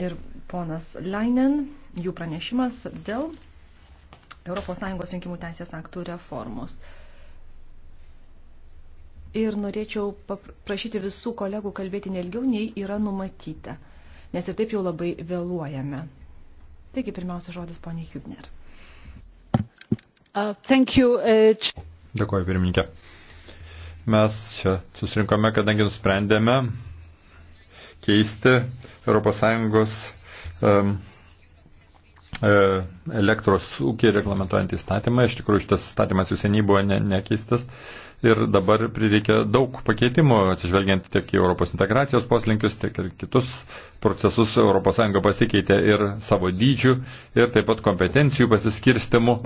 ir ponas Leinen, jų pranešimas dėl ES rinkimų teisės aktų reformos. Ir norėčiau paprašyti visų kolegų kalbėti nelgiau, nei yra numatyta, nes ir taip jau labai vėluojame. Taigi, pirmiausia, žodis poniai Hübner. Uh, thank you. Uh... Dėkuoju, pirmininkė. Mes čia susirinkome, kadangi nusprendėme keisti ES um, E, elektros ūkį reglamentuojantį įstatymą. Iš tikrųjų, šitas įstatymas jau seniai buvo ne, nekeistas ir dabar prireikia daug pakeitimų, atsižvelgiant tiek į Europos integracijos poslinkius, tiek ir kitus procesus. ES pasikeitė ir savo dydžių, ir taip pat kompetencijų pasiskirstimų,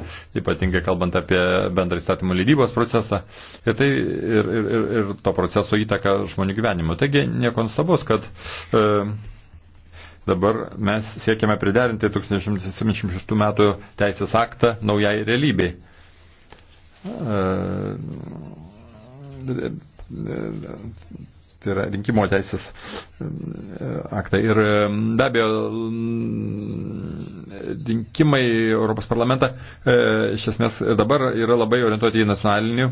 ypatingai kalbant apie bendrą įstatymų lydybos procesą, ir, tai, ir, ir, ir to proceso įtaka žmonių gyvenimo. Taigi, nieko nustabos, kad e, Dabar mes siekiame priderinti 1976 metų teisės aktą naujai realybei. Tai yra rinkimo teisės aktai. Ir be abejo, rinkimai Europos parlamentą e, iš esmės dabar yra labai orientuoti į nacionalinių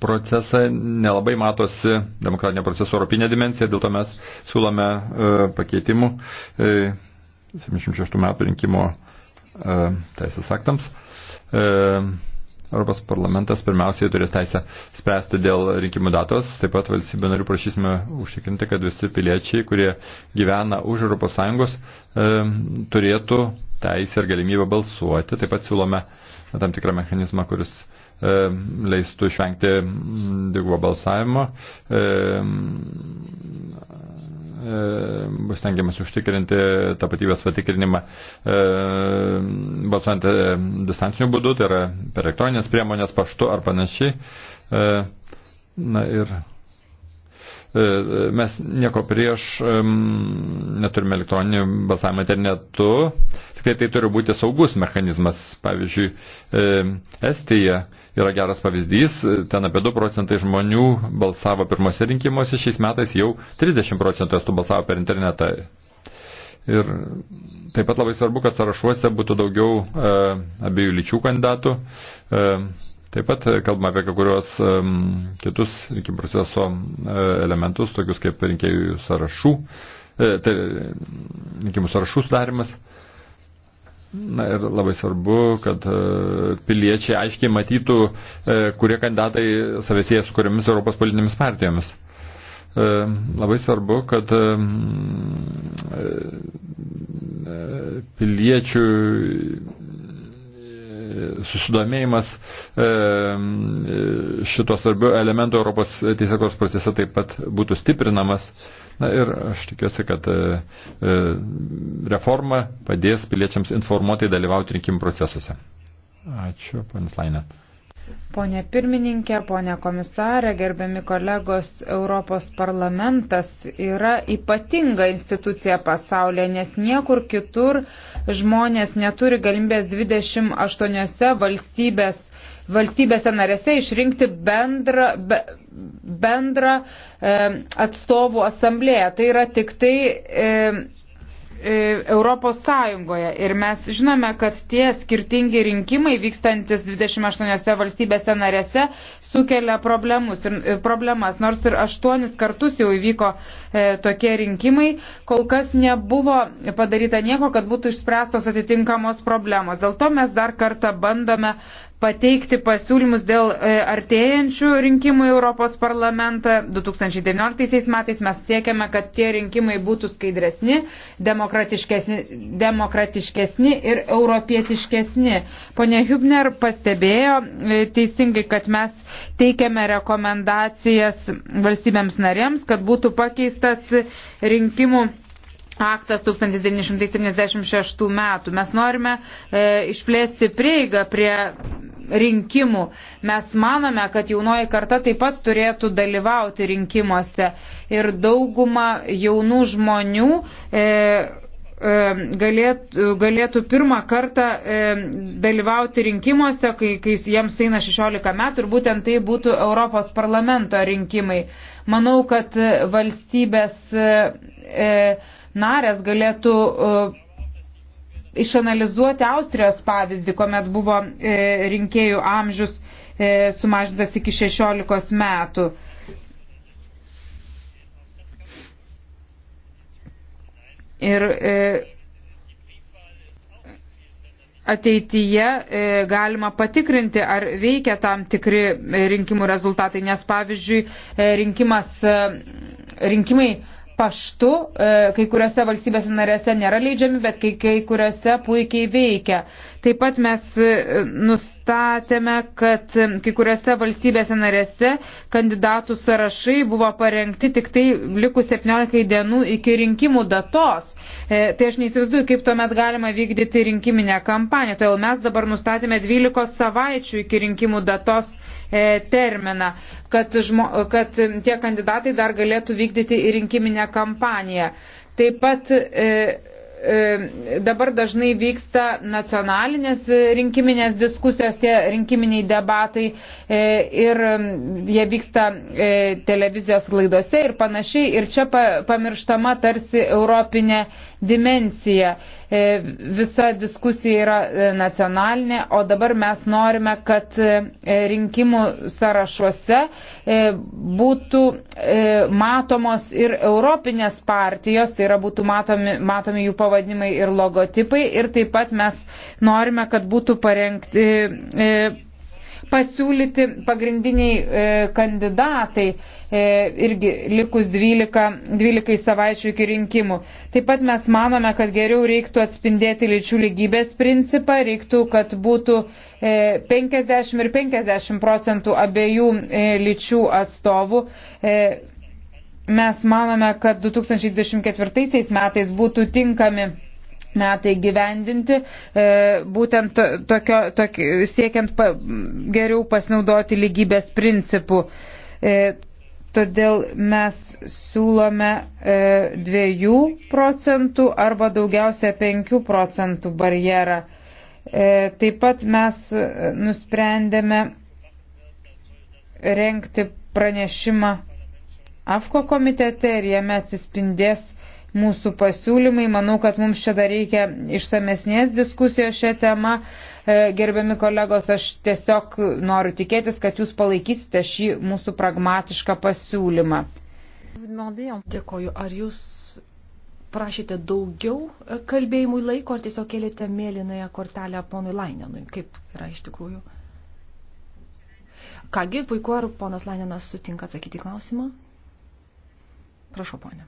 procesą, nelabai matosi demokratinio proceso europinė dimensija, dėl to mes siūlome e, pakeitimų 76 e, metų rinkimo e, teisės aktams. Europos parlamentas pirmiausiai turės teisę spręsti dėl rinkimų datos. Taip pat valstybė narių prašysime užtikrinti, kad visi piliečiai, kurie gyvena už ES, e, turėtų teisę ir galimybę balsuoti. Taip pat siūlome e, tam tikrą mechanizmą, kuris e, leistų išvengti mm, dvigubo balsavimo. E, e, bus tengiamas užtikrinti tapatybės patikrinimą e, balsuojant e, distanciniu būdu, tai yra per elektroninės priemonės, paštu ar panašiai. E, na ir e, mes nieko prieš e, neturime elektroninį balsavimą internetu. Tik tai tai turi būti saugus mechanizmas. Pavyzdžiui, e, Estija yra geras pavyzdys, ten apie 2 procentai žmonių balsavo pirmose rinkimuose, šiais metais jau 30 procentų estų balsavo per internetą. Ir taip pat labai svarbu, kad sąrašuose būtų daugiau e, abiejų lyčių kandidatų. E, Taip pat kalbame apie kai kuriuos um, kitus rinkimų proceso uh, elementus, tokius kaip rinkėjų sąrašų, uh, tai, rinkimų sąrašų sudarimas. Uh, Na ir labai svarbu, kad e, piliečiai aiškiai matytų, e, kurie kandidatai savesėje su kuriamis Europos politinėmis partijomis. E, labai svarbu, kad piliečių susidomėjimas šito svarbiu elementu Europos teisėkos procese taip pat būtų stiprinamas. Na ir aš tikiuosi, kad e, e, reforma padės piliečiams informuotai dalyvauti rinkimų procesuose. Ačiū, panas Lainat. Pone pirmininkė, pone komisarė, gerbiami kolegos, Europos parlamentas yra ypatinga institucija pasaulyje, nes niekur kitur žmonės neturi galimybės 28 valstybės valstybėse narėse išrinkti bendrą, be, bendrą e, atstovų asamblėją. Tai yra tik tai e, e Europos Sąjungoje. Ir mes žinome, kad tie skirtingi rinkimai vykstantis 28 valstybėse narėse sukelia problemus ir e, problemas. Nors ir aštuonis kartus jau įvyko e, tokie rinkimai, kol kas nebuvo padaryta nieko, kad būtų išspręstos atitinkamos problemos. Dėl to mes dar kartą bandome pateikti pasiūlymus dėl e, artėjančių rinkimų į Europos parlamentą. 2019 metais mes siekiame, kad tie rinkimai būtų skaidresni, demokratiškesni, demokratiškesni ir europietiškesni. Pone Hübner pastebėjo e, teisingai, kad mes teikiame rekomendacijas valstybėms narėms, kad būtų pakeistas rinkimų aktas 1976 metų. Mes norime e, išplėsti prieigą prie rinkimų. Mes manome, kad jaunoji karta taip pat turėtų dalyvauti rinkimuose. Ir dauguma jaunų žmonių e, e, galėtų, galėtų pirmą kartą e, dalyvauti rinkimuose, kai, kai jiems eina 16 metų ir būtent tai būtų Europos parlamento rinkimai. Manau, kad valstybės e, narės galėtų e, išanalizuoti Austrijos pavyzdį, kuomet buvo e, rinkėjų amžius e, sumažintas iki 16 metų. Ir e, ateityje e, galima patikrinti, ar veikia tam tikri rinkimų rezultatai, nes pavyzdžiui, e, rinkimas, e, rinkimai paštu e, kai kuriuose valstybėse narėse nėra leidžiami, bet kai, kai kuriuose puikiai veikia. Taip pat mes e, nustatėme, kad e, kai kuriuose valstybėse narėse kandidatų sąrašai buvo parengti tik tai likus 17 dienų iki rinkimų datos. Tai aš neįsivaizduoju, kaip tuomet galima vykdyti rinkiminę kampaniją. Todėl mes dabar nustatėme 12 savaičių iki rinkimų datos E, terminą, kad, žmo, kad tie kandidatai dar galėtų vykdyti į rinkiminę kampaniją. Taip pat e, e, dabar dažnai vyksta nacionalinės rinkiminės diskusijos, tie rinkiminiai debatai ir jie vyksta televizijos laidose ir panašiai. Ir čia pamirštama tarsi europinė dimencija. E, visa diskusija yra e, nacionalinė, o dabar mes norime, kad e, rinkimų sąrašuose būtų matomos ir europinės partijos, tai yra būtų matomi, matomi jų pavadinimai ir logotipai ir taip pat mes norime, kad būtų parengti pasiūlyti pagrindiniai e, kandidatai e, irgi likus 12, 12 savaičių iki rinkimų. Taip pat mes manome, kad geriau reiktų atspindėti lyčių lygybės principą, reiktų, kad būtų e, 50 ir 50 procentų abiejų e, lyčių atstovų. E, Mes manome, kad 2024 metais būtų tinkami metai gyvendinti, e, būtent tokio, tokio, siekiant pa, geriau pasinaudoti lygybės principų. E, todėl mes siūlome 2 e, procentų arba daugiausia 5 procentų barjerą. Taip pat mes nusprendėme renkti pranešimą AFKO komitete ir jame atsispindės mūsų pasiūlymai. Manau, kad mums čia dar reikia išsamesnės diskusijos šią temą. E, gerbiami kolegos, aš tiesiog noriu tikėtis, kad jūs palaikysite šį mūsų pragmatišką pasiūlymą. Dėkoju, ar jūs prašėte daugiau e, kalbėjimui laiko, ar tiesiog kėlėte mėlynąją kortelę ponui Lainenui? Kaip yra iš tikrųjų? Kągi, puiku, ar ponas Lainenas sutinka atsakyti klausimą? Prašau, ponė.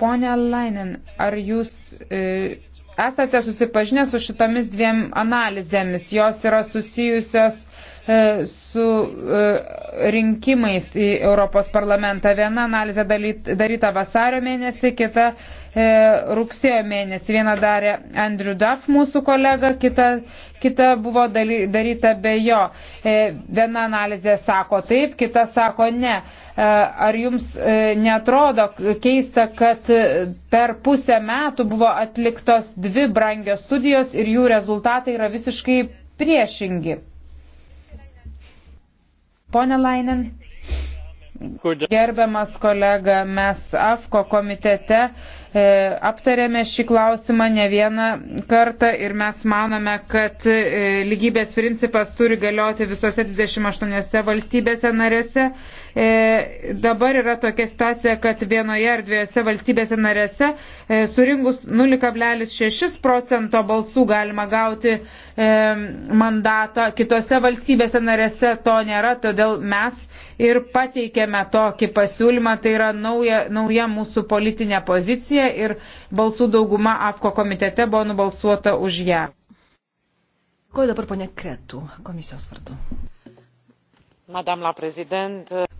Pone Lainin, ar jūs e, esate susipažinę su šitomis dviem analizėmis? Jos yra susijusios e, su e, rinkimais į Europos parlamentą. Viena analizė daryta vasario mėnesį, kita e, E, rugsėjo mėnesį. Vieną darė Andrew Duff, mūsų kolega, kita, kita buvo daly, daryta be jo. E, viena analizė sako taip, kita sako ne. E, ar jums netrodo keista, kad per pusę metų buvo atliktos dvi brangios studijos ir jų rezultatai yra visiškai priešingi? Pone Lainen. Gerbiamas kolega, mes AFKO komitete e, aptarėme šį klausimą ne vieną kartą ir mes manome, kad e, lygybės principas turi galioti visose 28 valstybėse narėse. E, dabar yra tokia situacija, kad vienoje ar dviejose valstybėse narėse e, surinkus 0,6 procento balsų galima gauti e, mandatą, kitose valstybėse narėse to nėra, todėl mes ir pateikėme tokį pasiūlymą, tai yra nauja, nauja mūsų politinė pozicija ir balsų dauguma AFKO komitete buvo nubalsuota už ją. Ko dabar ponė Kretų komisijos vardu?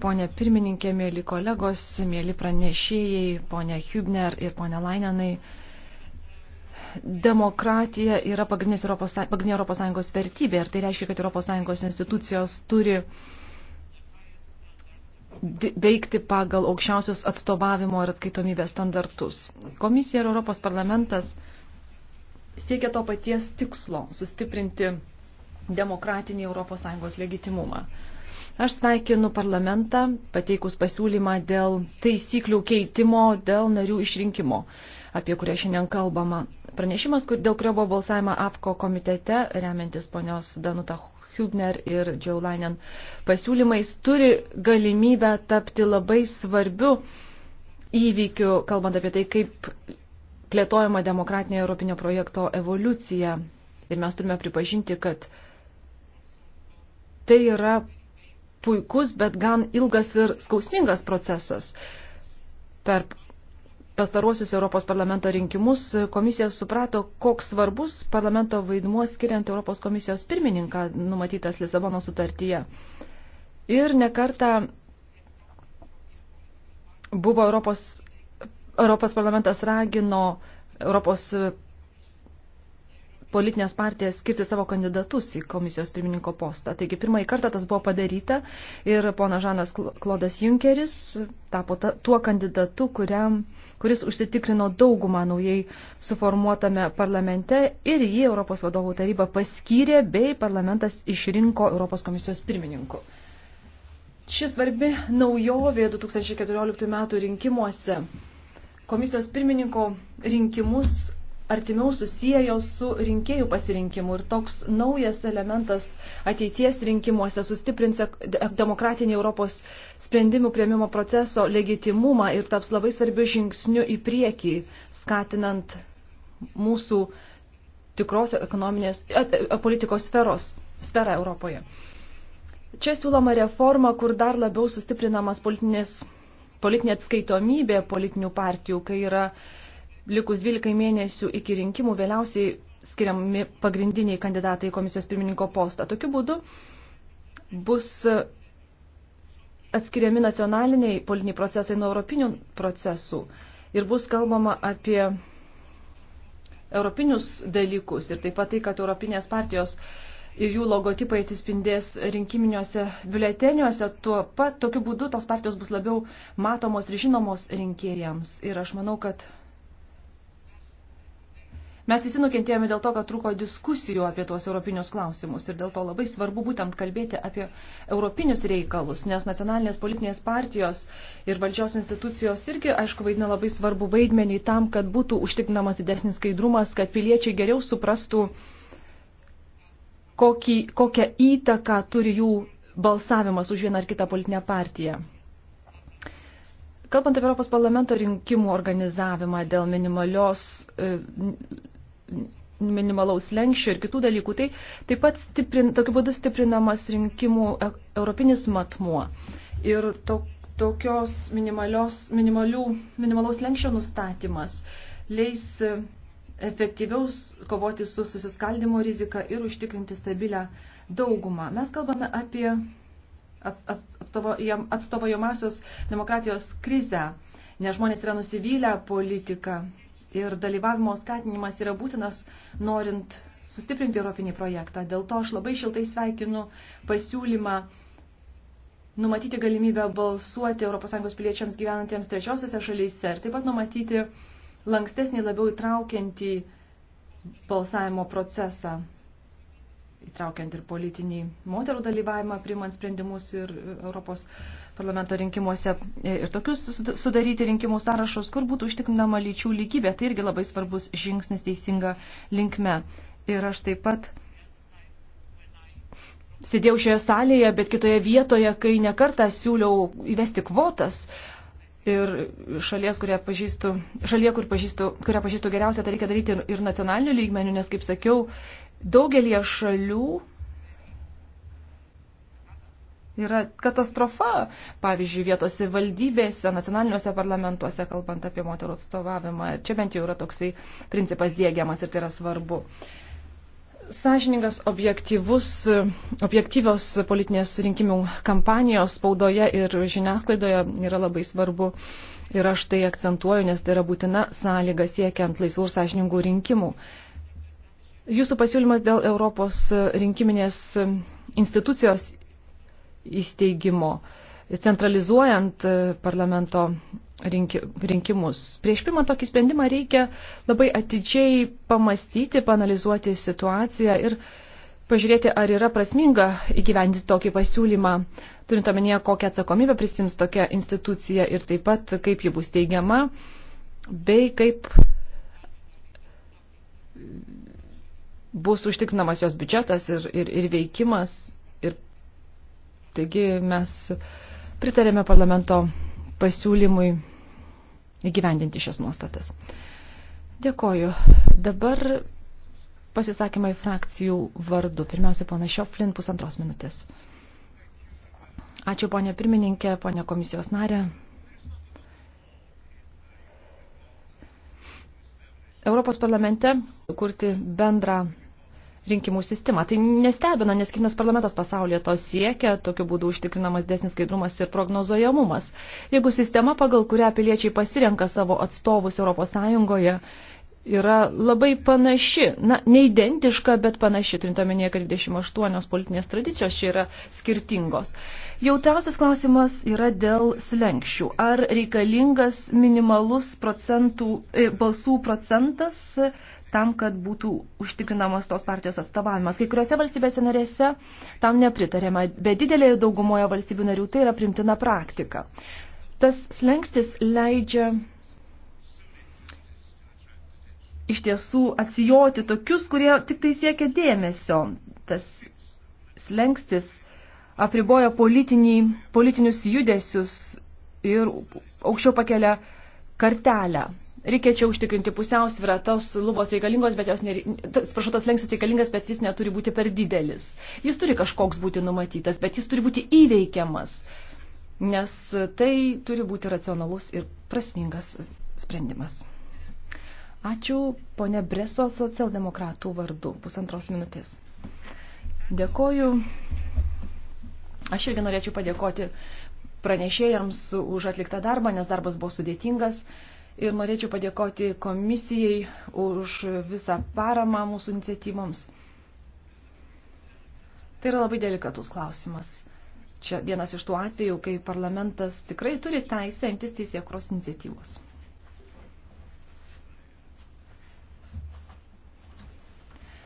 Pone pirmininkė, mėly kolegos, mėly pranešėjai, ponė Hübner ir ponė Lainenai demokratija yra pagrindinė Europos, pagrindinė Europos Sąjungos vertybė ir tai reiškia, kad Europos Sąjungos institucijos turi uh, veikti pagal aukščiausius atstovavimo ir atskaitomybės standartus. Komisija ir Europos parlamentas siekia to paties tikslo - sustiprinti demokratinį ES legitimumą. Aš sveikinu parlamentą, pateikus pasiūlymą dėl taisyklių keitimo, dėl narių išrinkimo, apie kurią šiandien kalbama. Pranešimas, dėl kurio buvo balsavimo AFKO komitete, remiantis ponios Danuta Hübner ir Džiaulainen pasiūlymais turi galimybę tapti labai svarbiu įvykiu, kalbant apie tai, kaip plėtojama demokratinė Europinio projekto evoliucija. Ir mes turime pripažinti, kad tai yra puikus, bet gan ilgas ir skausmingas procesas. Per pastaruosius Europos parlamento rinkimus komisija suprato, koks svarbus parlamento vaidmuo skiriant Europos komisijos pirmininką numatytas Lisabono sutartyje. Ir nekarta buvo Europos, Europos parlamentas ragino Europos politinės partijas skirti savo kandidatus į komisijos pirmininko postą. Taigi pirmąjį kartą tas buvo padaryta ir pona Žanas Klodas Junkeris tapo ta, tuo kandidatu, kuriam, kuris užsitikrino daugumą naujai suformuotame parlamente ir jį Europos vadovų taryba paskyrė bei parlamentas išrinko Europos komisijos pirmininku. Šis svarbi naujovė 2014 metų rinkimuose komisijos pirmininko rinkimus artimiau susijęjo su rinkėjų pasirinkimu ir toks naujas elementas ateities rinkimuose sustiprins demokratinį Europos sprendimų prieimimo proceso legitimumą ir taps labai svarbiu žingsniu į priekį, skatinant mūsų tikros ekonominės e, e, politikos sferos, sferą Europoje. Čia siūloma reforma, kur dar labiau sustiprinamas politinės, politinė atskaitomybė politinių partijų, kai yra uh, likus 12 mėnesių iki rinkimų vėliausiai skiriami pagrindiniai kandidatai į komisijos pirmininko postą. Tokiu būdu bus atskiriami nacionaliniai politiniai procesai nuo europinių procesų ir bus kalbama apie europinius dalykus ir taip pat tai, kad europinės partijos ir jų logotipai atsispindės rinkiminiuose biuleteniuose, tuo pat tokiu būdu tos partijos bus labiau matomos ir žinomos rinkėjams. Ir aš manau, kad Mes visi nukentėjome dėl to, kad trūko diskusijų apie tuos europinius klausimus ir dėl to labai svarbu būtent kalbėti apie europinius reikalus, nes nacionalinės politinės partijos ir valdžios institucijos irgi, aišku, vaidina labai svarbu vaidmenį tam, kad būtų užtikrinamas didesnis skaidrumas, kad piliečiai geriau suprastų, kokį, kokią įtaką turi jų balsavimas už vieną ar kitą politinę partiją. Kalbant apie Europos parlamento rinkimų organizavimą dėl minimalios e, minimalaus lenkščio ir kitų dalykų, tai taip pat stiprin, tokiu būdu stiprinamas rinkimų e-, europinis matmuo. Ir to, tokios minimalaus lenkščio nustatymas leis e, efektyviau kovoti su susiskaldimo rizika ir užtikrinti stabilę daugumą. Mes kalbame apie atstovaujamasios demokratijos krizę, nes žmonės yra nusivylę politiką ir dalyvavimo skatinimas yra būtinas, norint sustiprinti Europinį projektą. Dėl to aš labai šiltai sveikinu pasiūlymą numatyti galimybę balsuoti ES piliečiams gyvenantiems trečiosiose šalyse ir taip pat numatyti lankstesnį, labiau įtraukiantį balsavimo procesą įtraukiant ir politinį moterų dalyvavimą, primant sprendimus ir e, Europos parlamento rinkimuose. E, ir tokius sudaryti rinkimų sąrašus, kur būtų užtikrinama lyčių lygybė, tai irgi labai svarbus žingsnis teisinga linkme. Ir aš taip pat sėdėjau šioje salėje, bet kitoje vietoje, kai nekartą siūliau įvesti kvotas. Ir šalies, kurią pažįstu, šalyje, kur pažįstu, kurią pažįstu geriausia, tai reikia daryti ir, ir nacionaliniu lygmeniu, nes, kaip sakiau, Daugelie šalių yra katastrofa, pavyzdžiui, vietose valdybėse, nacionaliniuose parlamentuose, kalbant apie moterų atstovavimą. Čia bent jau yra toksai principas dėgiamas ir tai yra svarbu. Sąžiningas objektyvus, objektyvios politinės rinkimų kampanijos spaudoje ir žiniasklaidoje yra labai svarbu ir aš tai akcentuoju, nes tai yra būtina sąlyga siekiant laisvų ir sąžiningų rinkimų. Uh, Jūsų pasiūlymas dėl Europos rinkiminės institucijos įsteigimo, centralizuojant parlamento rinkimus. Prieš pirmą tokį sprendimą reikia labai atidžiai pamastyti, panalizuoti situaciją ir pažiūrėti, ar yra prasminga įgyvendinti tokį pasiūlymą, turint omenyje, kokią atsakomybę prisims tokia institucija ir taip pat, kaip ji bus teigiama, bei kaip bus užtikrinamas jos biudžetas ir, ir, ir veikimas. Ir taigi mes pritarėme parlamento pasiūlymui įgyvendinti šias nuostatas. Dėkoju. Dabar pasisakymai frakcijų vardu. Pirmiausia, pana Šioflin, pusantros minutės. Ačiū, ponė pirmininkė, ponė komisijos narė. Europos parlamente kurti bendrą rinkimų sistemą. Tai nestebina, nes kiekvienas parlamentas pasaulyje to siekia, tokiu būdu užtikrinamas desnis skaidrumas ir prognozojamumas. Jeigu sistema, pagal kurią piliečiai pasirenka savo atstovus Europos Sąjungoje, yra labai panaši, na, neidentiška, bet panaši, turint omenyje, kad 28 politinės tradicijos čia yra skirtingos. Jautriausias klausimas yra dėl slengščių. Ar reikalingas minimalus procentų, e, balsų procentas tam, kad būtų užtikrinamas tos partijos atstovavimas. Kai kuriuose valstybėse narėse tam nepritarėma, bet didelėje daugumoje valstybių narių tai yra primtina praktika. Tas slengstis leidžia iš tiesų atsijoti tokius, kurie tik tai siekia dėmesio. Tas slengstis apriboja politinį, politinius judesius ir aukščiau pakelia kartelę. Reikia čia užtikrinti pusiausvyrą, tos lubos reikalingos, bet jos, nere... prašau, tas lengsas reikalingas, bet jis neturi būti per didelis. Jis turi kažkoks būti numatytas, bet jis turi būti įveikiamas, nes tai turi būti racionalus ir prasmingas sprendimas. Ačiū ponė Breso socialdemokratų vardu. Pusantros minutės. Dėkoju. Aš irgi norėčiau padėkoti pranešėjams už atliktą darbą, nes darbas buvo sudėtingas ir norėčiau padėkoti komisijai už visą paramą mūsų iniciatyvoms. Tai yra labai delikatus klausimas. Čia vienas iš tų atvejų, kai parlamentas tikrai turi teisę imtis teisėkros iniciatyvos.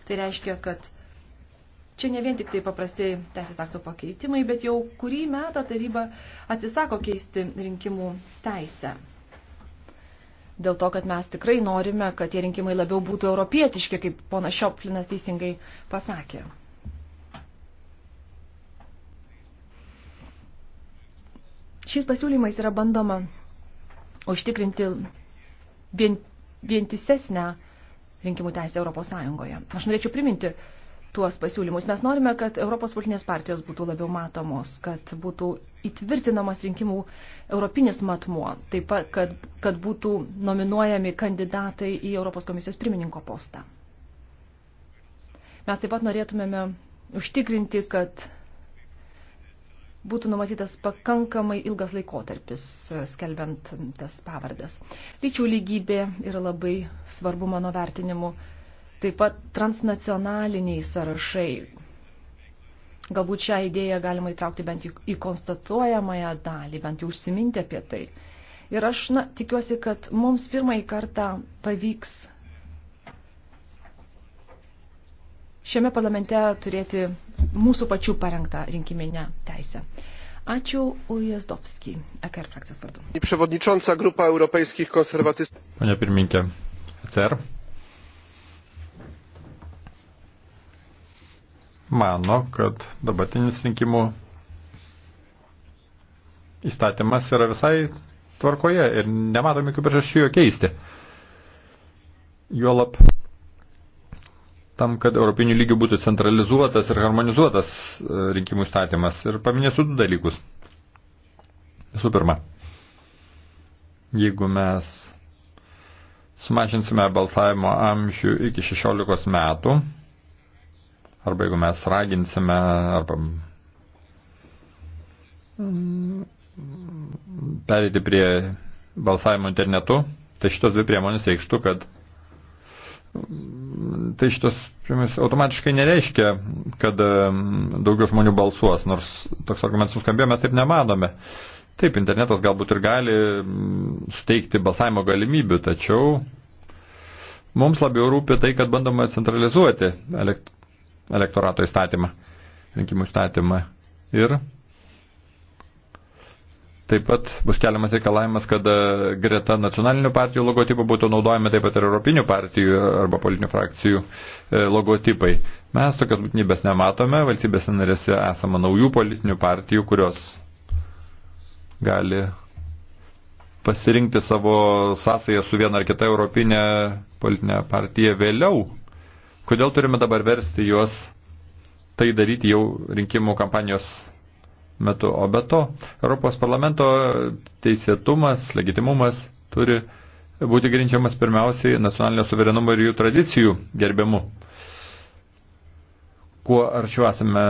Tai reiškia, kad čia ne vien tik tai paprasti teisės akto pakeitimai, bet jau kurį metą taryba atsisako keisti rinkimų teisę dėl to, kad mes tikrai norime, kad tie rinkimai labiau būtų europietiški, kaip pona Šioplinas teisingai pasakė. Šiais pasiūlymais yra bandoma užtikrinti vien, vientisesnę rinkimų teisę Europos Sąjungoje. Aš norėčiau priminti tuos pasiūlymus. Mes norime, kad Europos politinės partijos būtų labiau matomos, kad būtų įtvirtinamas rinkimų europinis matmuo, taip pat, kad, kad būtų nominuojami kandidatai į Europos komisijos pirmininko postą. Mes taip pat norėtumėme užtikrinti, kad būtų numatytas pakankamai ilgas laikotarpis, skelbiant tas pavardas. Lyčių lygybė yra labai svarbu mano vertinimu Taip pat transnacionaliniai sąrašai. Galbūt šią idėją galima įtraukti bent į konstatuojamąją dalį, bent jau užsiminti apie tai. Ir aš na, tikiuosi, kad mums pirmąjį kartą pavyks šiame parlamente turėti mūsų pačių parengtą rinkiminę teisę. Ačiū Ujazdowski, EKR frakcijos vardu. Panie pirmininkė, ECR mano, kad dabartinis rinkimų įstatymas yra visai tvarkoje ir nematome jokių priežasčių jo keisti. Juolap tam, kad europinių lygių būtų centralizuotas ir harmonizuotas e, rinkimų įstatymas. Ir paminėsiu du dalykus. Visų pirma, jeigu mes sumažinsime balsavimo amžių iki 16 metų, arba jeigu mes raginsime, arba perėti prie balsavimo internetu, tai šitos dvi priemonės reikštų, kad tai šitas priemonės automatiškai nereiškia, kad daugiau žmonių balsuos, nors toks argumentas nuskambėjo, mes taip nemanome. Taip, internetas galbūt ir gali suteikti balsavimo galimybių, tačiau mums labiau rūpi tai, kad bandoma centralizuoti elektroninį elektorato įstatymą, rinkimų įstatymą. Ir taip pat bus keliamas reikalavimas, kad e, greta nacionalinių partijų logotipų būtų naudojami taip pat ir europinių partijų arba politinių frakcijų e, logotipai. Mes tokios būtinybės nematome, valstybės narėse esama naujų politinių partijų, kurios gali pasirinkti savo sąsają su viena ar kita europinė politinė partija vėliau Kodėl turime dabar versti juos tai daryti jau rinkimų kampanijos metu? O be to, Europos parlamento teisėtumas, legitimumas turi būti grinčiamas pirmiausiai nacionalinio suverenumo ir jų tradicijų gerbiamu. Kuo arčiau esame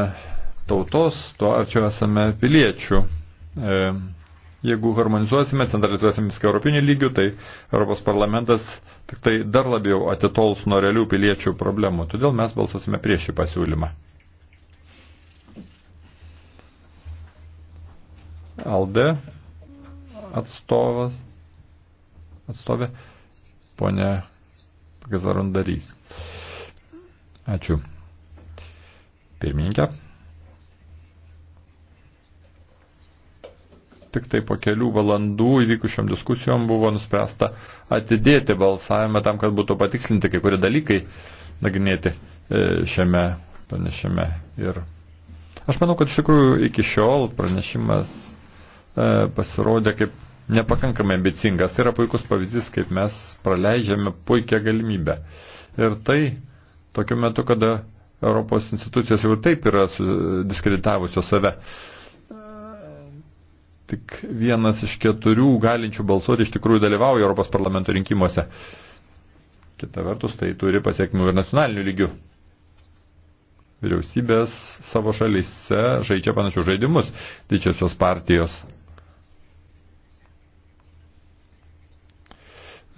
tautos, tuo arčiau esame piliečių. E, Jeigu harmonizuosime, centralizuosime viską europinių lygių, tai Europos parlamentas tik tai dar labiau atitols nuo realių piliečių problemų. Todėl mes balsosime prieš šį pasiūlymą. Alde atstovas, atstovė, ponė Gazarundarys. Ačiū. Pirmininkė. tik tai po kelių valandų įvykusiom diskusijom buvo nuspręsta atidėti balsavimą tam, kad būtų patikslinti kai kurie dalykai nagrinėti e, šiame pranešime. Ir aš manau, kad iš tikrųjų iki šiol pranešimas e, pasirodė kaip nepakankamai ambicingas. Tai yra puikus pavyzdys, kaip mes praleidžiame puikią galimybę. Ir tai tokiu metu, kada Europos institucijos jau taip yra diskreditavusios save tik vienas iš keturių galinčių balsuoti iš tikrųjų dalyvauja Europos parlamento rinkimuose. Kita vertus, tai turi pasiekmių ir nacionalinių lygių. Vyriausybės savo šalyse žaidžia panašių žaidimus, didžiosios partijos.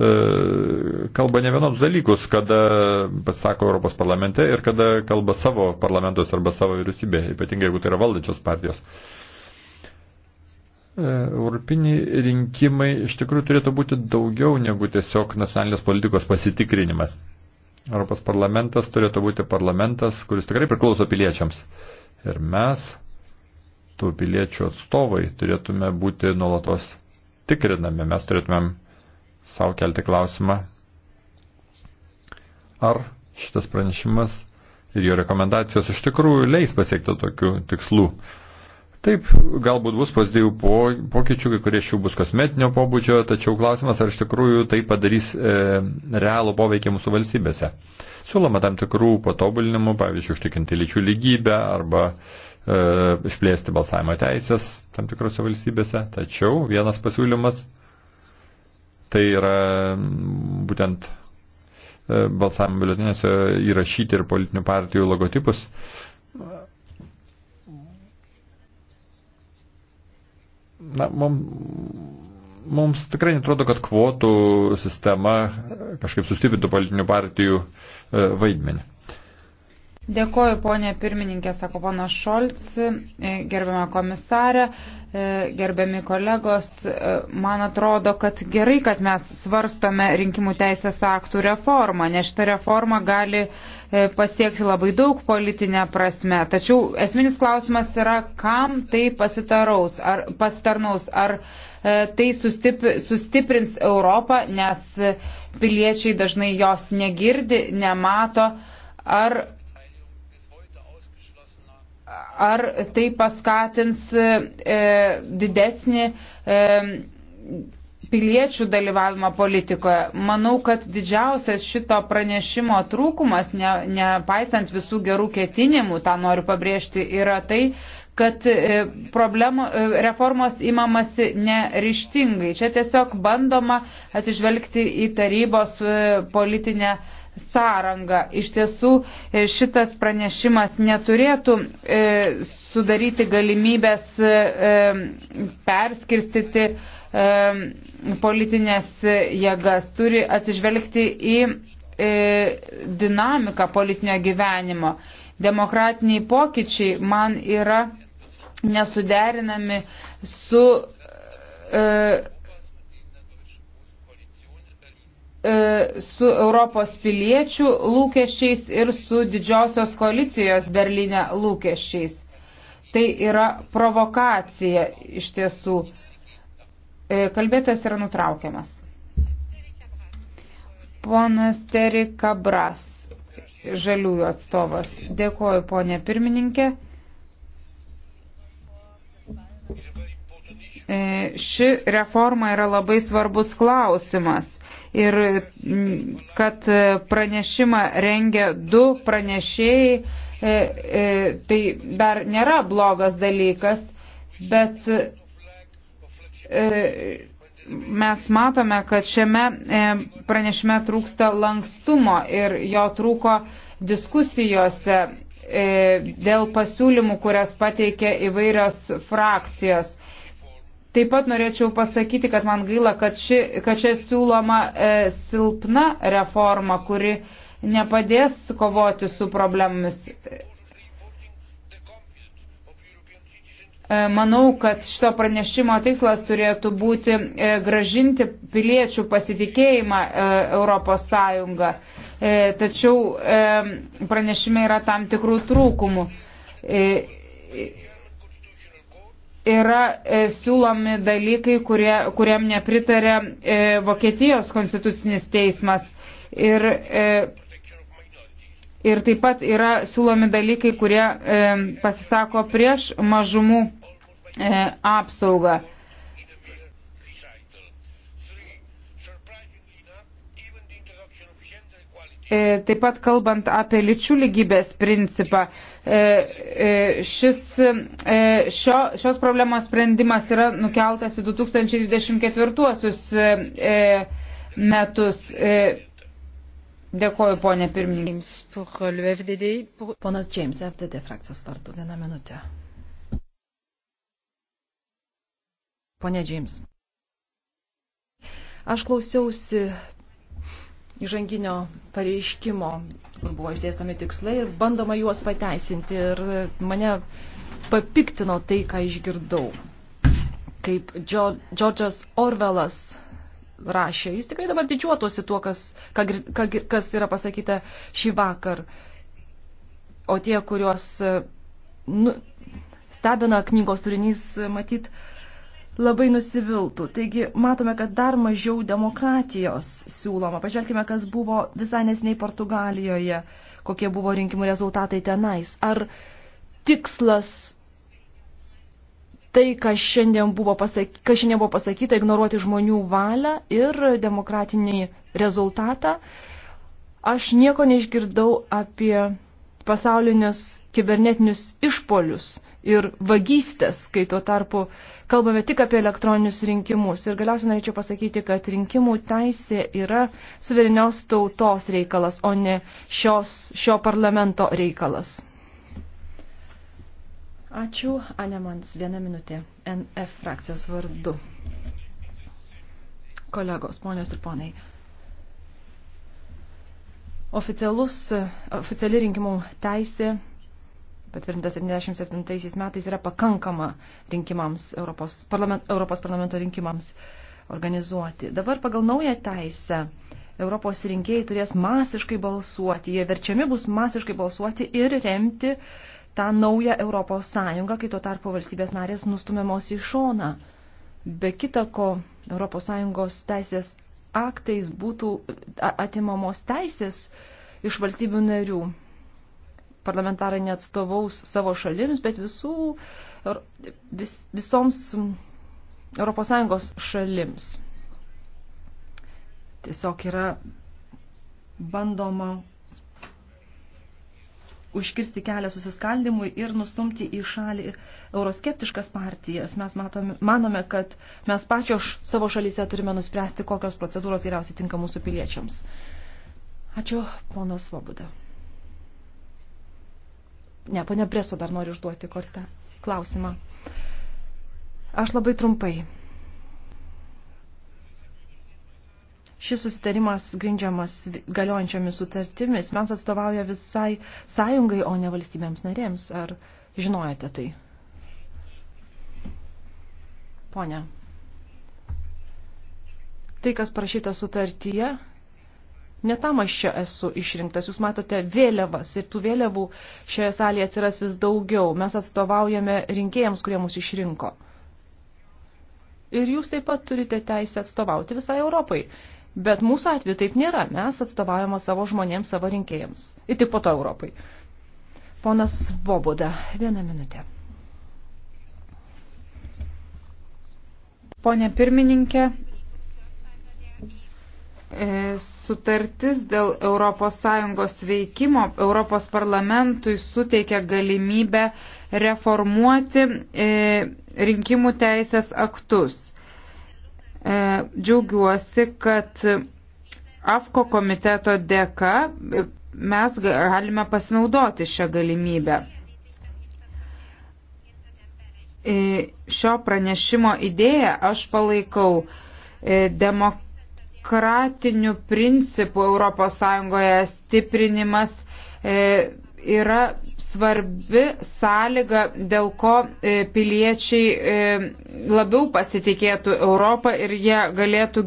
E, kalba ne vienodus dalykus, kada pasisako Europos parlamente ir kada kalba savo parlamentos arba savo vyriausybė, ypatingai jeigu tai yra valdančios partijos. E, Europiniai rinkimai iš tikrųjų turėtų būti daugiau negu tiesiog nacionalinės politikos pasitikrinimas. Europos parlamentas turėtų būti parlamentas, kuris tikrai priklauso piliečiams. Ir mes, tų piliečių atstovai, turėtume būti nuolatos tikrinami. Mes turėtumėm savo kelti klausimą, ar šitas pranešimas ir jo rekomendacijos iš tikrųjų leis pasiekti tokių tikslų. Taip, galbūt bus pozityvių po, pokyčių, kai kurie šių bus kosmetinio pobūdžio, tačiau klausimas, ar iš tikrųjų tai padarys e, realų poveikį mūsų valstybėse. Siūloma tam tikrų patobulinimų, pavyzdžiui, užtikrinti lyčių lygybę arba e, išplėsti balsavimo teisės tam tikrose valstybėse, tačiau vienas pasiūlymas tai yra būtent e, balsavimo biuletinėse įrašyti ir politinių partijų logotipus. na, mums, mums tikrai netrodo, kad kvotų sistema kažkaip sustiprintų politinių partijų e, vaidmenį. Dėkoju, ponė pirmininkė, sako pana Šolc, e, gerbiama komisarė, e, gerbiami kolegos. E, man atrodo, kad gerai, kad mes svarstome rinkimų teisės aktų reformą, nes šita reforma gali pasiekti labai daug politinę prasme. Tačiau esminis klausimas yra, kam tai pasitaraus, ar pasitarnaus, ar tai sustiprins Europą, nes piliečiai dažnai jos negirdi, nemato, ar ar tai paskatins e, e, didesnį e, piliečių dalyvavimą politikoje. Manau, kad didžiausias šito pranešimo trūkumas, ne, nepaisant visų gerų ketinimų, tą noriu pabrėžti, yra tai, kad e, problemo, e, reformos imamasi neryštingai. Čia tiesiog bandoma atsižvelgti į tarybos politinę sąrangą. Iš tiesų e, šitas pranešimas neturėtų e, sudaryti galimybės e, perskirstyti e, politinės jėgas, turi atsižvelgti į e, dinamiką politinio gyvenimo. Demokratiniai pokyčiai man yra nesuderinami su e, E, su Europos piliečių lūkesčiais ir su didžiosios koalicijos Berlyne lūkesčiais. Tai yra provokacija iš tiesų. E, kalbėtojas yra nutraukiamas. Ponas Teri Kabras, žaliųjų atstovas. Dėkoju, ponė pirmininkė. E, ši reforma yra labai svarbus klausimas ir kad pranešimą rengia du pranešėjai, e, e, tai dar nėra blogas dalykas, bet e, mes matome, kad šiame pranešime trūksta lankstumo ir jo trūko diskusijose dėl pasiūlymų, kurias pateikė įvairios frakcijos. Taip pat norėčiau pasakyti, kad man gaila, kad, ši, kad čia siūloma e, silpna reforma, kuri nepadės kovoti su problemomis. E, manau, kad šito pranešimo tikslas turėtų būti e, gražinti piliečių pasitikėjimą e, Europos Sąjungą. Tačiau pranešime yra tam tikrų trūkumų yra e, siūlomi dalykai, kurie, kuriam nepritarė e, Vokietijos konstitucinis teismas. Ir, e, ir taip pat yra siūlomi dalykai, kurie e, pasisako prieš mažumų e, apsaugą. E, taip pat kalbant apie lyčių lygybės principą, e, E, e, šis, e, šio, šios problemos sprendimas yra nukeltas į 2024 metus. Dėkoju, ponė pirmininkė. Ponas James, FDD frakcijos vardu. Vieną minutę. Pone James. Aš klausiausi įžanginio pareiškimo, kur buvo išdėstami tikslai ir bandoma juos pateisinti. Ir mane papiktino tai, ką išgirdau. Kaip Džordžas Orvelas rašė, jis tikrai dabar didžiuotosi tuo, kas, ką, ką, kas yra pasakyta šį vakar. O tie, kuriuos nu, stebina knygos turinys, matyt, uh, labai nusiviltų. Taigi matome, kad dar mažiau demokratijos siūloma. Pažvelkime, kas buvo visai nesiniai Portugalijoje, kokie buvo rinkimų rezultatai tenais. Ar tikslas tai, kas šiandien buvo, pasaky, kas šiandien buvo pasakyta, ignoruoti žmonių valią ir demokratinį rezultatą. Aš nieko neišgirdau apie pasaulinius kibernetinius išpolius ir vagystės, kai tuo tarpu kalbame tik apie elektroninius rinkimus. Ir galiausiai norėčiau pasakyti, kad rinkimų teisė yra suverenios tautos reikalas, o ne šios, šio parlamento reikalas. Ačiū, Anemans, vieną minutę, NF frakcijos vardu. Kolegos, ponios ir ponai. Oficialus, oficiali rinkimų teisė patvirtintas 77 metais, yra pakankama rinkimams, Europos, parlament, Europos parlamento rinkimams organizuoti. Dabar pagal naują teisę Europos rinkėjai turės masiškai balsuoti, jie verčiami bus masiškai balsuoti ir remti tą naują Europos Sąjungą, kai tuo tarpu valstybės narės nustumiamos į šoną. Be kitako, Europos Sąjungos teisės aktais būtų atimamos teisės iš valstybių narių parlamentarai neatstovaus savo šalims, bet visų, vis, visoms ES šalims. Tiesiog yra bandoma užkirsti kelią susiskaldimui ir nustumti į šalį euroskeptiškas partijas. Mes matome, manome, kad mes pačios savo šalyse turime nuspręsti, kokios procedūros geriausiai tinka mūsų piliečiams. Ačiū, ponas Svoboda. Ne, ponia Breso dar nori užduoti kortę. Klausimą. Aš labai trumpai. Šis susitarimas grindžiamas galiojančiomis sutartimis. Mes atstovauja visai sąjungai, o ne valstybėms narėms. Ar žinojate tai? Pone. Tai, kas parašyta sutartyje, netam aš čia esu išrinktas. Jūs matote vėliavas ir tų vėliavų šioje salėje atsiras vis daugiau. Mes atstovaujame rinkėjams, kurie mus išrinko. Ir jūs taip pat turite teisę atstovauti visai Europai. Bet mūsų atveju taip nėra. Mes atstovaujame savo žmonėms, savo rinkėjams. Ir tik po to Europai. Ponas Voboda, vieną minutę. Pone pirmininkė, E, sutartis dėl ES veikimo Europos parlamentui suteikia galimybę reformuoti e, rinkimų teisės aktus. E, džiaugiuosi, kad AFKO komiteto dėka mes galime pasinaudoti šią galimybę. Šio pranešimo idėją aš palaikau demokratiją demokratinių principų ES stiprinimas e, yra svarbi sąlyga, dėl ko e, piliečiai e, labiau pasitikėtų Europą ir jie galėtų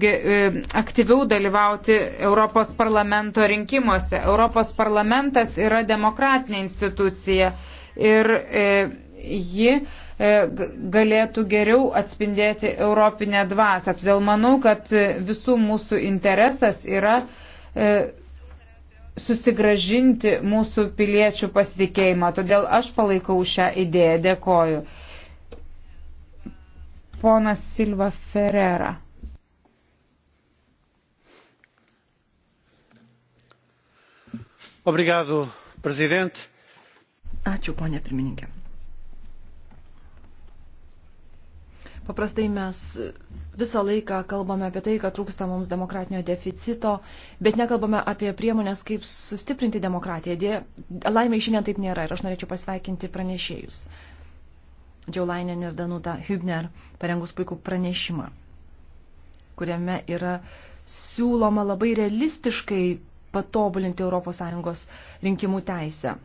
aktyviau dalyvauti Europos parlamento rinkimuose. Europos parlamentas yra demokratinė institucija ir ji E, galėtų geriau atspindėti europinę dvasę. Todėl manau, kad visų mūsų interesas yra e, susigražinti mūsų piliečių pasitikėjimą. Todėl aš palaikau šią idėją. Dėkoju. Ponas Silva Ferrera. Obrigado, prezident. Ačiū, ponė pirmininkė. Paprastai mes visą laiką kalbame apie tai, kad trūksta mums demokratinio deficito, bet nekalbame apie priemonės, kaip sustiprinti demokratiją. Dė, laimė šiandien taip nėra ir aš norėčiau pasveikinti pranešėjus. Džiaulainen ir Danuta Hübner parengus puikų pranešimą, kuriame yra siūloma labai realistiškai patobulinti ES rinkimų teisę.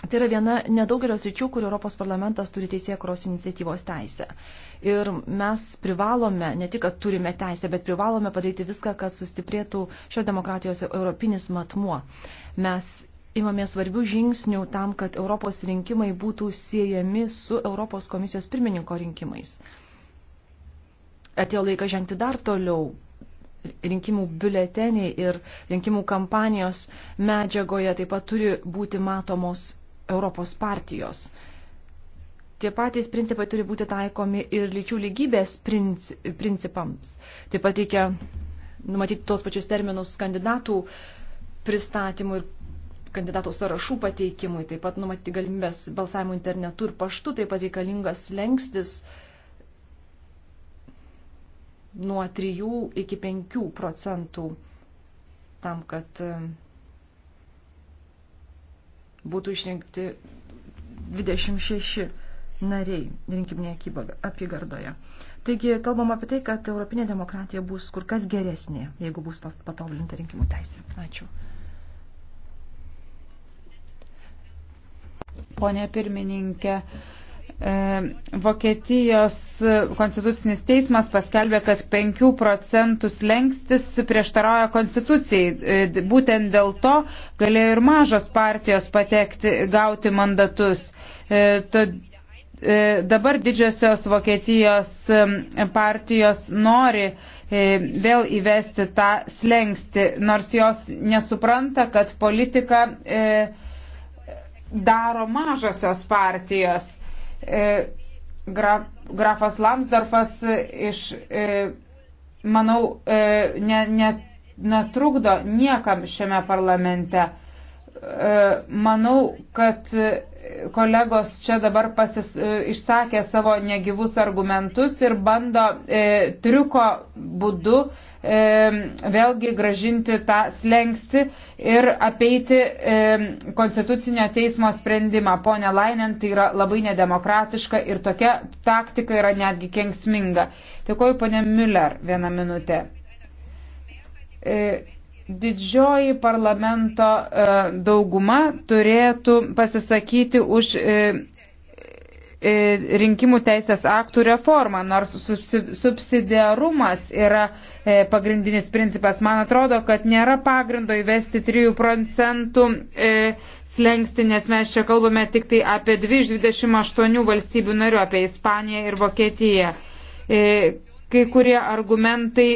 Tai yra viena nedaugelio sričių, kur Europos parlamentas turi teisėkuros iniciatyvos teisę. Ir mes privalome, ne tik, kad turime teisę, bet privalome padaryti viską, kad sustiprėtų šios demokratijos europinis matmuo. Mes imame svarbių žingsnių tam, kad Europos rinkimai būtų siejami su Europos komisijos pirmininko rinkimais. Atėjo laikas žengti dar toliau, rinkimų biuleteniai ir rinkimų kampanijos medžiagoje taip pat turi būti matomos Europos partijos. Tie patys principai turi būti taikomi ir lyčių lygybės principams. Taip pat reikia numatyti tos pačius terminus kandidatų pristatymui ir kandidatų sąrašų pateikimui, taip pat numatyti galimybės balsavimo internetu ir paštu, taip pat reikalingas lengstis nuo 3 iki 5 procentų tam, kad būtų išrinkti 26 nariai rinkiminėje apygardoje. Taigi kalbam apie tai, kad europinė demokratija bus kur kas geresnė, jeigu bus patobulinta rinkimų teisė. Ačiū. Pone pirmininkė, E, Vokietijos konstitucinis teismas paskelbė, kad 5 procentų slengstis prieštarauja konstitucijai. E, būtent dėl to galėjo ir mažos partijos patekti, gauti mandatus. E, dabar didžiosios Vokietijos partijos nori vėl įvesti tą slengsti, nors jos nesupranta, kad politika daro mažosios partijos E, Graf, grafas Lamsdorfas e, iš, e, manau, ne, ne, netrukdo niekam šiame parlamente. Manau, kad kolegos čia dabar pasis, e, išsakė savo negyvus argumentus ir bando e, triuko būdu e, vėlgi gražinti tą slengsti ir apeiti e, konstitucinio teismo sprendimą. Pone Lainen, tai yra labai nedemokratiška ir tokia taktika yra netgi kengsminga. Dėkuoju, ponė Müller, vieną minutę. E, didžioji parlamento e, dauguma turėtų pasisakyti už e, e, rinkimų teisės aktų reformą, nors subsidiarumas yra pagrindinis principas. Man atrodo, kad nėra pagrindo įvesti 3 procentų slengsti, nes mes čia kalbame tik tai apie 2 iš 28 valstybių narių, apie Ispaniją ir Vokietiją. Kai kurie argumentai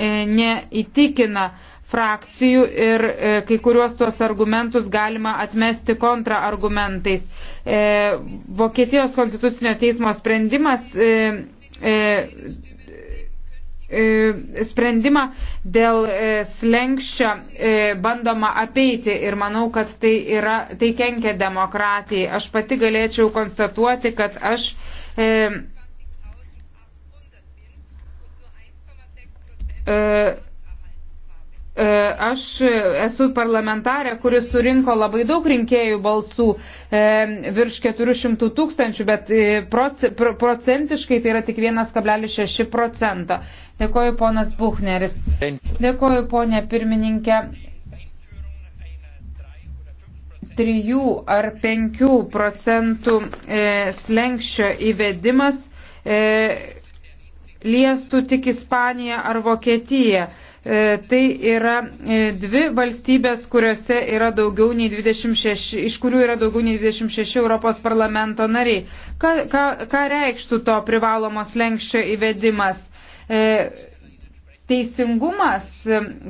neįtikina frakcijų ir e, kai kuriuos tuos argumentus galima atmesti kontraargumentais. E, Vokietijos konstitucinio teismo sprendimas. E, e, e sprendimą dėl e, slengščio e, bandoma apeiti ir manau, kad tai, yra, tai kenkia demokratijai. Aš pati galėčiau konstatuoti, kad aš e, e, E, aš esu parlamentarė, kuris surinko labai daug rinkėjų balsų, e, virš 400 tūkstančių, bet e, procentiškai tai yra tik 1,6 procento. Dėkoju ponas Buchneris. Dėkoju ponė pirmininkė. Trijų ar penkių procentų slengščio įvedimas liestų tik Ispaniją ar Vokietiją. E, tai yra e, dvi valstybės, kuriuose yra daugiau nei 26, iš kurių yra daugiau nei 26 Europos parlamento nariai. Ką, ką, ką reikštų to privalomos lenkščio įvedimas? E, teisingumas,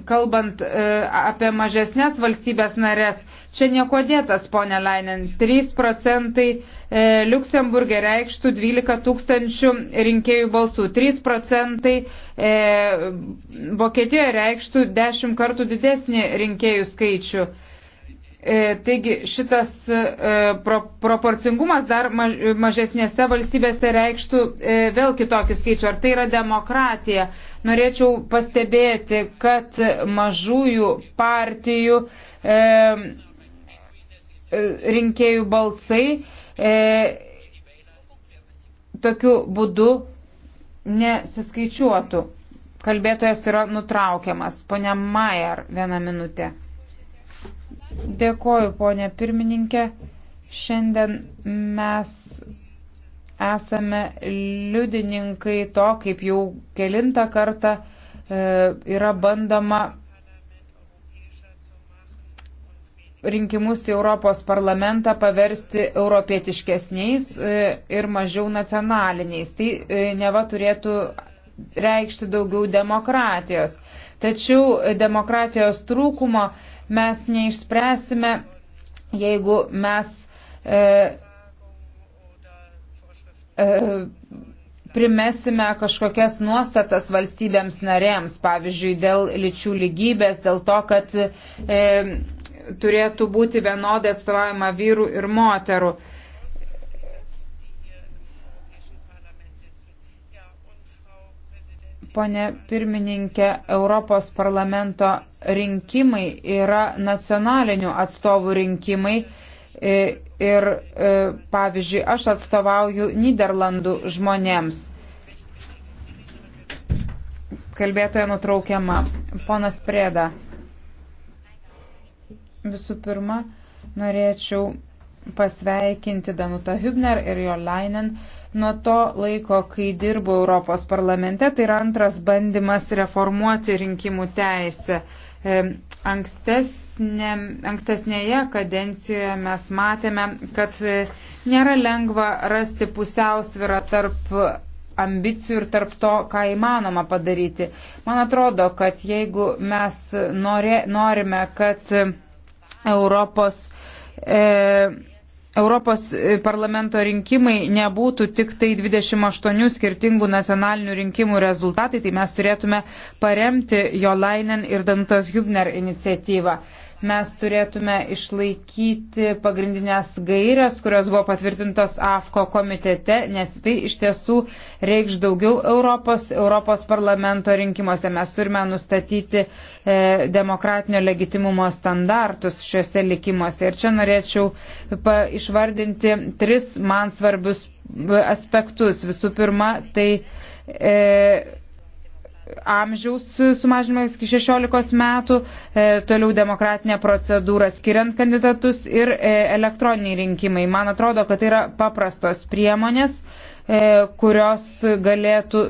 kalbant e, apie mažesnės valstybės narės, čia nieko dėtas, ponė Leinen. 3 procentai e, Luksemburgė reikštų 12 tūkstančių rinkėjų balsų, 3 procentai e, Vokietijoje reikštų 10 kartų didesnį rinkėjų skaičių. E, taigi šitas e, pro, proporcingumas dar maž, mažesnėse valstybėse reikštų e, vėl kitokį skaičių. Ar tai yra demokratija? Norėčiau pastebėti, kad mažųjų partijų e, rinkėjų balsai e, tokiu būdu nesuskaičiuotų. Kalbėtojas yra nutraukiamas. Pone Majer, vieną minutę. Dėkoju, ponė pirmininkė. Šiandien mes esame liudininkai to, kaip jau kelintą kartą e, yra bandoma rinkimus į Europos parlamentą paversti europietiškesniais e, ir mažiau nacionaliniais. Tai e, neva turėtų reikšti daugiau demokratijos. Tačiau demokratijos trūkumo mes neišspręsime, jeigu mes e, e, primesime kažkokias nuostatas valstybėms narėms, pavyzdžiui, dėl lyčių lygybės, dėl to, kad e, turėtų būti vienodai atstovavima vyrų ir moterų. E, Pone pirmininkė, Europos parlamento rinkimai yra nacionalinių atstovų rinkimai e, ir, e, pavyzdžiui, aš atstovauju Niderlandų žmonėms. Kalbėtoja nutraukiama. Ponas Prėda. Visų pirma, norėčiau pasveikinti Danutą Hübner ir jo Lainen Nuo to laiko, kai dirbu Europos parlamente, tai yra antras bandymas reformuoti rinkimų teisę. E, ankstesnė, ankstesnėje kadencijoje mes matėme, kad e, nėra lengva rasti pusiausvirą tarp ambicijų ir tarp to, ką įmanoma padaryti. Man atrodo, kad jeigu mes norė, norime, kad Europos e, Europos e, parlamento rinkimai nebūtų tik tai 28 skirtingų nacionalinių rinkimų rezultatai, tai mes turėtume paremti Jo Lainen ir Dantos Hübner iniciatyvą mes turėtume išlaikyti pagrindinės gairias, kurios buvo patvirtintos AFKO komitete, nes tai iš tiesų reikš daugiau Europos, Europos parlamento rinkimuose. Mes turime nustatyti e, demokratinio legitimumo standartus šiuose likimuose. Ir čia norėčiau pa, išvardinti tris man svarbius aspektus. Visų pirma, tai. E, amžiaus sumažinimas iki 16 metų, e, toliau demokratinė procedūra skiriant kandidatus ir e, elektroniniai rinkimai. Man atrodo, kad tai yra paprastos priemonės, e, kurios galėtų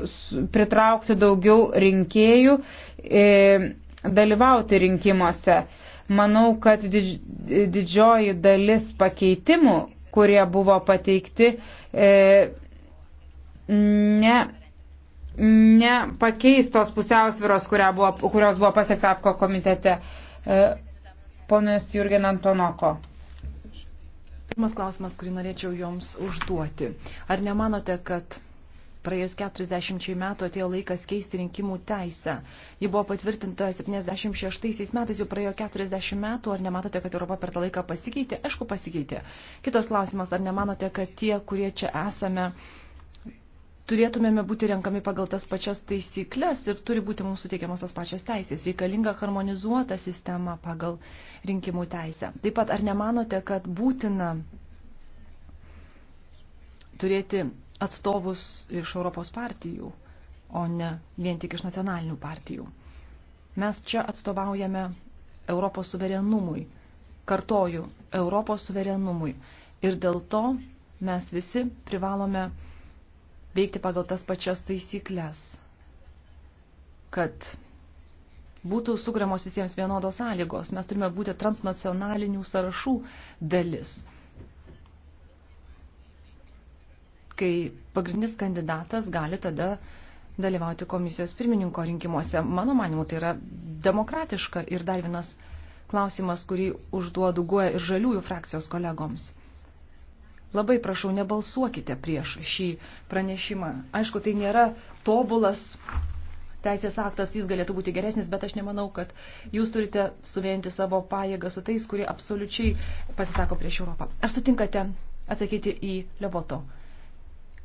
pritraukti daugiau rinkėjų dalyvauti rinkimuose. Manau, kad didžioji dalis pakeitimų, kurie buvo pateikti, ne nepakeis tos pusiausviros, buvo, kurios buvo pasiekta apko komitete. E, ponas Jurgen Antonoko. Pirmas klausimas, kurį norėčiau Jums užduoti. Ar nemanote, kad praėjus 40 metų atėjo laikas keisti rinkimų teisę? Ji buvo patvirtinta 76 metais, jau praėjo 40 metų. Ar nematote, kad Europa per tą laiką pasikeitė? Aišku, pasikeitė. Kitas klausimas, ar nemanote, kad tie, kurie čia esame, uh, turėtumėme būti renkami pagal tas pačias taisyklės ir turi būti mums suteikiamos tas pačias teisės. Reikalinga harmonizuota sistema pagal rinkimų teisę. Taip pat ar nemanote, kad būtina turėti atstovus iš Europos partijų, o ne vien tik iš nacionalinių partijų? Mes čia atstovaujame Europos suverenumui, kartoju, Europos suverenumui. Ir dėl to mes visi privalome veikti pagal tas pačias taisyklės, kad būtų sukuriamos visiems vienodos sąlygos. Mes turime būti transnacionalinių sąrašų dalis. Kai pagrindinis kandidatas gali tada dalyvauti komisijos pirmininko rinkimuose. Mano manimu, tai yra demokratiška ir dar vienas klausimas, kurį užduodu guoja ir žaliųjų frakcijos kolegoms. Labai prašau, nebalsuokite prieš šį pranešimą. Aišku, tai nėra tobulas teisės aktas, jis galėtų būti geresnis, bet aš nemanau, kad jūs turite suvienyti savo pajėgą su tais, kurie absoliučiai pasisako prieš Europą. Ar sutinkate atsakyti į Levoto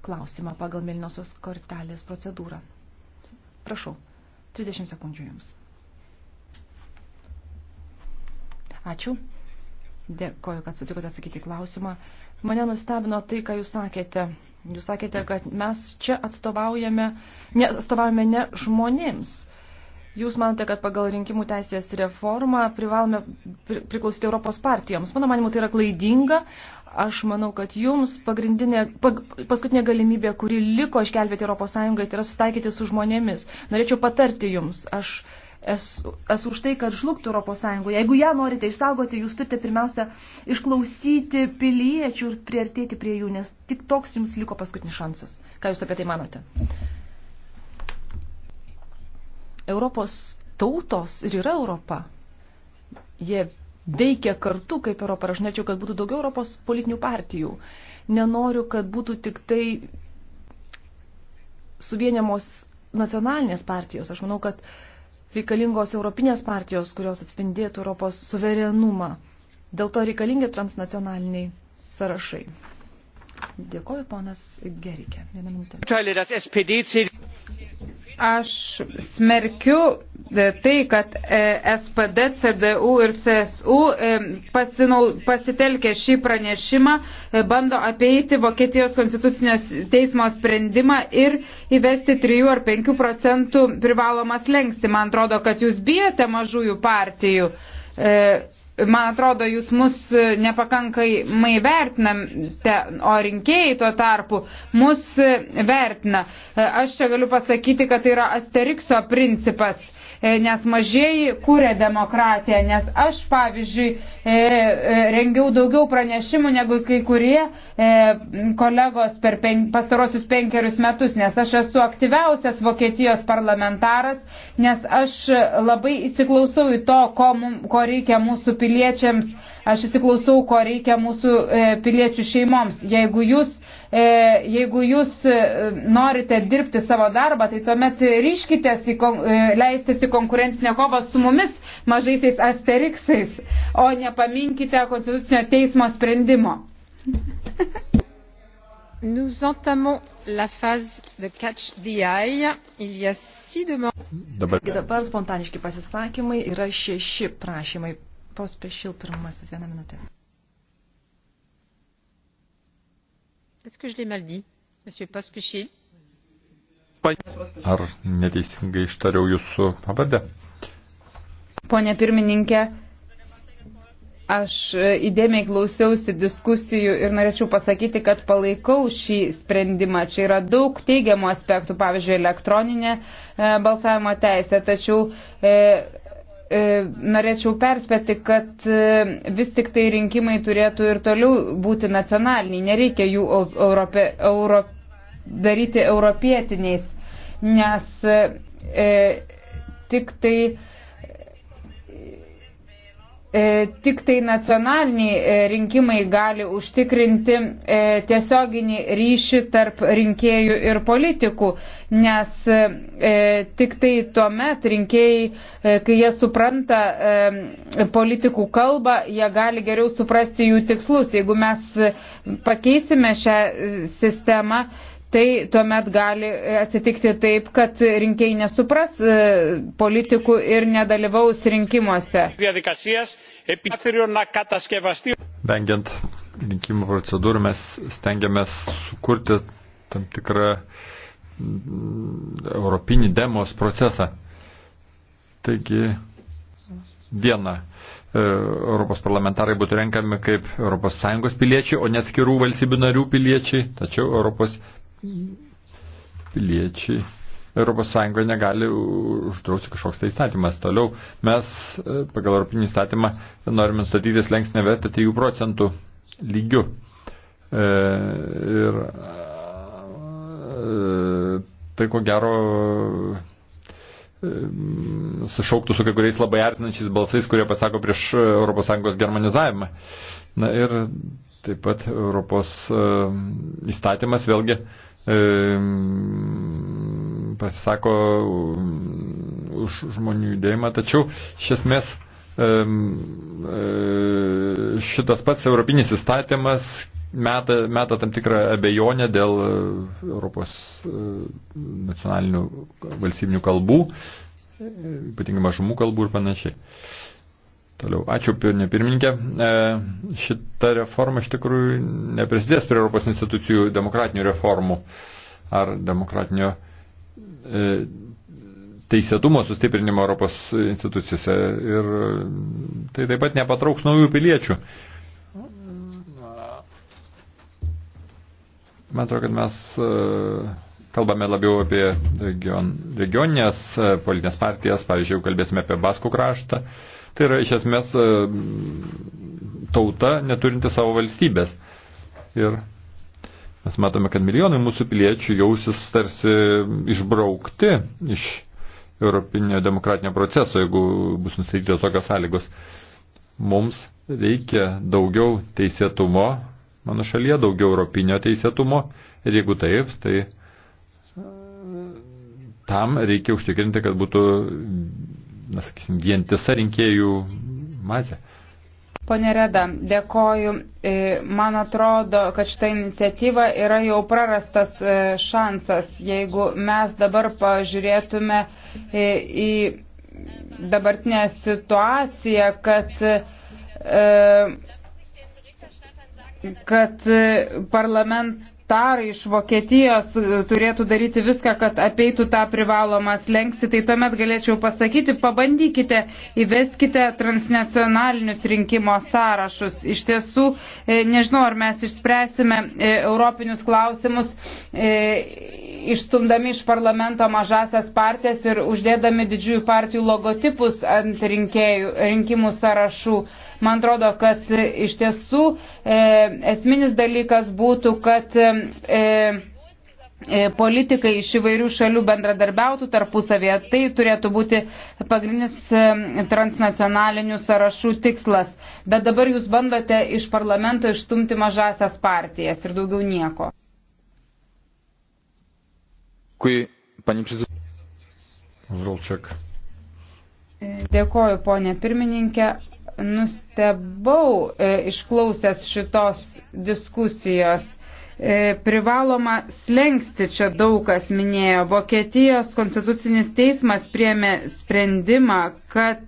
klausimą pagal Milnosios kortelės procedūrą? Prašau, 30 sekundžių jums. Ačiū. Dėkoju, kad sutikote atsakyti klausimą. Mane nustebino tai, ką jūs sakėte. Jūs sakėte, kad mes čia atstovaujame ne, atstovaujame ne žmonėms. Jūs manote, kad pagal rinkimų teisės reformą privalome priklausyti Europos partijoms. Mano manimu, tai yra klaidinga. Aš manau, kad jums pagrindinė, pag, paskutinė galimybė, kuri liko išgelbėti Europos Sąjungai, tai yra susitaikyti su žmonėmis. Norėčiau patarti jums. Aš esu, esu už tai, kad žlugtų Europos Sąjungoje. Jeigu ją norite išsaugoti, jūs turite pirmiausia išklausyti piliečių ir priartėti prie jų, nes tik toks jums liko paskutinis šansas. Ką jūs apie tai manote? Europos tautos ir yra Europa. Jie veikia kartu kaip Europa. Aš norėčiau, kad būtų daugiau Europos politinių partijų. Nenoriu, kad būtų tik tai suvienimos nacionalinės partijos. Aš manau, kad uh, reikalingos europinės partijos, kurios atspindėtų Europos suverenumą. Dėl to reikalingi transnacionaliniai sąrašai. Dėkoju, ponas Gerikė. Vieną minutę. Aš smerkiu e, tai, kad e, SPD, CDU ir CSU e, pasinau, pasitelkė šį pranešimą, bando apeiti Vokietijos konstitucinio teismo sprendimą ir įvesti 3 ar 5 procentų privalomas lengsti. Man atrodo, kad jūs bijote mažųjų partijų. E, Man atrodo, jūs mus e, nepakankamai vertinate, o rinkėjai tuo tarpu mus e, vertina. E, aš čia galiu pasakyti, kad tai yra Asterikso principas, nes mažieji kūrė demokratiją, nes aš, pavyzdžiui, rengiau daugiau pranešimų negu kai kurie kolegos per pen, pastarosius penkerius metus, nes aš esu aktyviausias Vokietijos parlamentaras, nes aš labai įsiklausau į to, ko, mum, ko reikia mūsų piliečiams piliečiams, aš įsiklausau, ko reikia mūsų e, piliečių šeimoms. Jeigu jūs, e, jeigu jūs e, norite dirbti savo darbą, tai tuomet ryškitės į, leistės į konkurencinę kovą su mumis mažaisiais asteriksais, o nepaminkite konstitucinio teismo sprendimo. Nous entamons la phase de catch the eye. Il y a six demandes. Dabar spontaniški pasisakymai yra šeši prašymai Pospešil pirmasis, vieną minutę. Est-ce que je l'ai mal dit, Monsieur Pospešil? Ar neteisingai ištariau jūsų pavardę? Pone pirmininkė, Aš įdėmiai klausiausi diskusijų ir norėčiau pasakyti, kad palaikau šį sprendimą. Čia yra daug teigiamų aspektų, pavyzdžiui, elektroninė e, balsavimo teisė, tačiau e, E, norėčiau perspėti, kad e, vis tik tai rinkimai turėtų ir toliau būti nacionaliniai, nereikia jų Europe, Euro, daryti europietiniais, nes e, tik tai e, E, tik tai nacionaliniai e, rinkimai gali užtikrinti e, tiesioginį ryšį tarp rinkėjų ir politikų, nes tik tai tuo met rinkėjai, kai jie supranta politikų kalbą, jie gali geriau suprasti jų tikslus. Jeigu mes pakeisime šią sistemą, tai tuomet gali atsitikti taip, kad rinkėjai nesupras e, politikų ir nedalyvaus rinkimuose. Vengiant rinkimų procedūrų mes stengiamės sukurti tam tikrą mm, europinį demos procesą. Taigi viena. E, Europos parlamentarai būtų renkami kaip ES piliečiai, o ne atskirų valstybių narių piliečiai, tačiau Europos piliečiai ES negali uždrausti kažkoks tai įstatymas. Toliau mes e, pagal Europinį įstatymą norime nustatyti slengsnę vertę 3 procentų lygių. E, ir e, tai ko gero e, sušauktų su kai kuriais labai erzinančiais balsais, kurie pasako prieš ES germanizavimą. Na ir taip pat Europos e, įstatymas vėlgi pasisako um, už žmonių judėjimą, tačiau iš esmės e, šitas pats europinis įstatymas meta, meta tam tikrą abejonę dėl e, Europos e, nacionalinių valstybinių kalbų, ypatingai mažumų kalbų ir panašiai. Toliau, ačiū pirminė pirmininkė. E, šita reforma iš tikrųjų neprisidės prie Europos institucijų demokratinių reformų ar demokratinio e, teisėtumo sustiprinimo Europos institucijose. Ir tai taip pat nepatrauks naujų piliečių. Man atrodo, kad mes e, kalbame labiau apie region, regioninės e, politinės partijas, pavyzdžiui, kalbėsime apie Baskų kraštą. E, Tai yra iš esmės e, tauta neturinti savo valstybės. Ir mes matome, kad milijonai mūsų piliečių jausis tarsi išbraukti iš europinio demokratinio proceso, jeigu bus nustatytos tokios sąlygos. Mums reikia daugiau teisėtumo, mano šalyje daugiau europinio teisėtumo ir jeigu taip, tai e, tam reikia užtikrinti, kad būtų na, sakysim, vientisa rinkėjų mazė. Pone Reda, dėkoju. E, man atrodo, kad šitą iniciatyvą yra jau prarastas e, šansas, jeigu mes dabar pažiūrėtume e, į dabartinę situaciją, kad kad parlament tarai iš Vokietijos e, turėtų daryti viską, kad apeitų tą privalomą slengsti, tai tuomet galėčiau pasakyti, pabandykite, įveskite transnacionalinius rinkimo sąrašus. Iš tiesų, e, nežinau, ar mes išspręsime e, europinius klausimus išstumdami iš parlamento mažasias partijas ir uždėdami didžiųjų partijų logotipus ant rinkėjų, rinkimų sąrašų. Man atrodo, kad e, iš tiesų e, esminis dalykas būtų, kad e, e, e politikai iš įvairių šalių bendradarbiautų tarpusavėje. Tai turėtų būti pagrindinis transnacionalinių sąrašų tikslas. Bet dabar jūs bandote iš parlamento išstumti mažasias partijas ir daugiau nieko. Kui, Dėkoju, ponė pirmininkė nustebau e, išklausęs šitos diskusijos. E, privaloma slengsti čia daugas minėjo. Vokietijos konstitucinis teismas priemė sprendimą, kad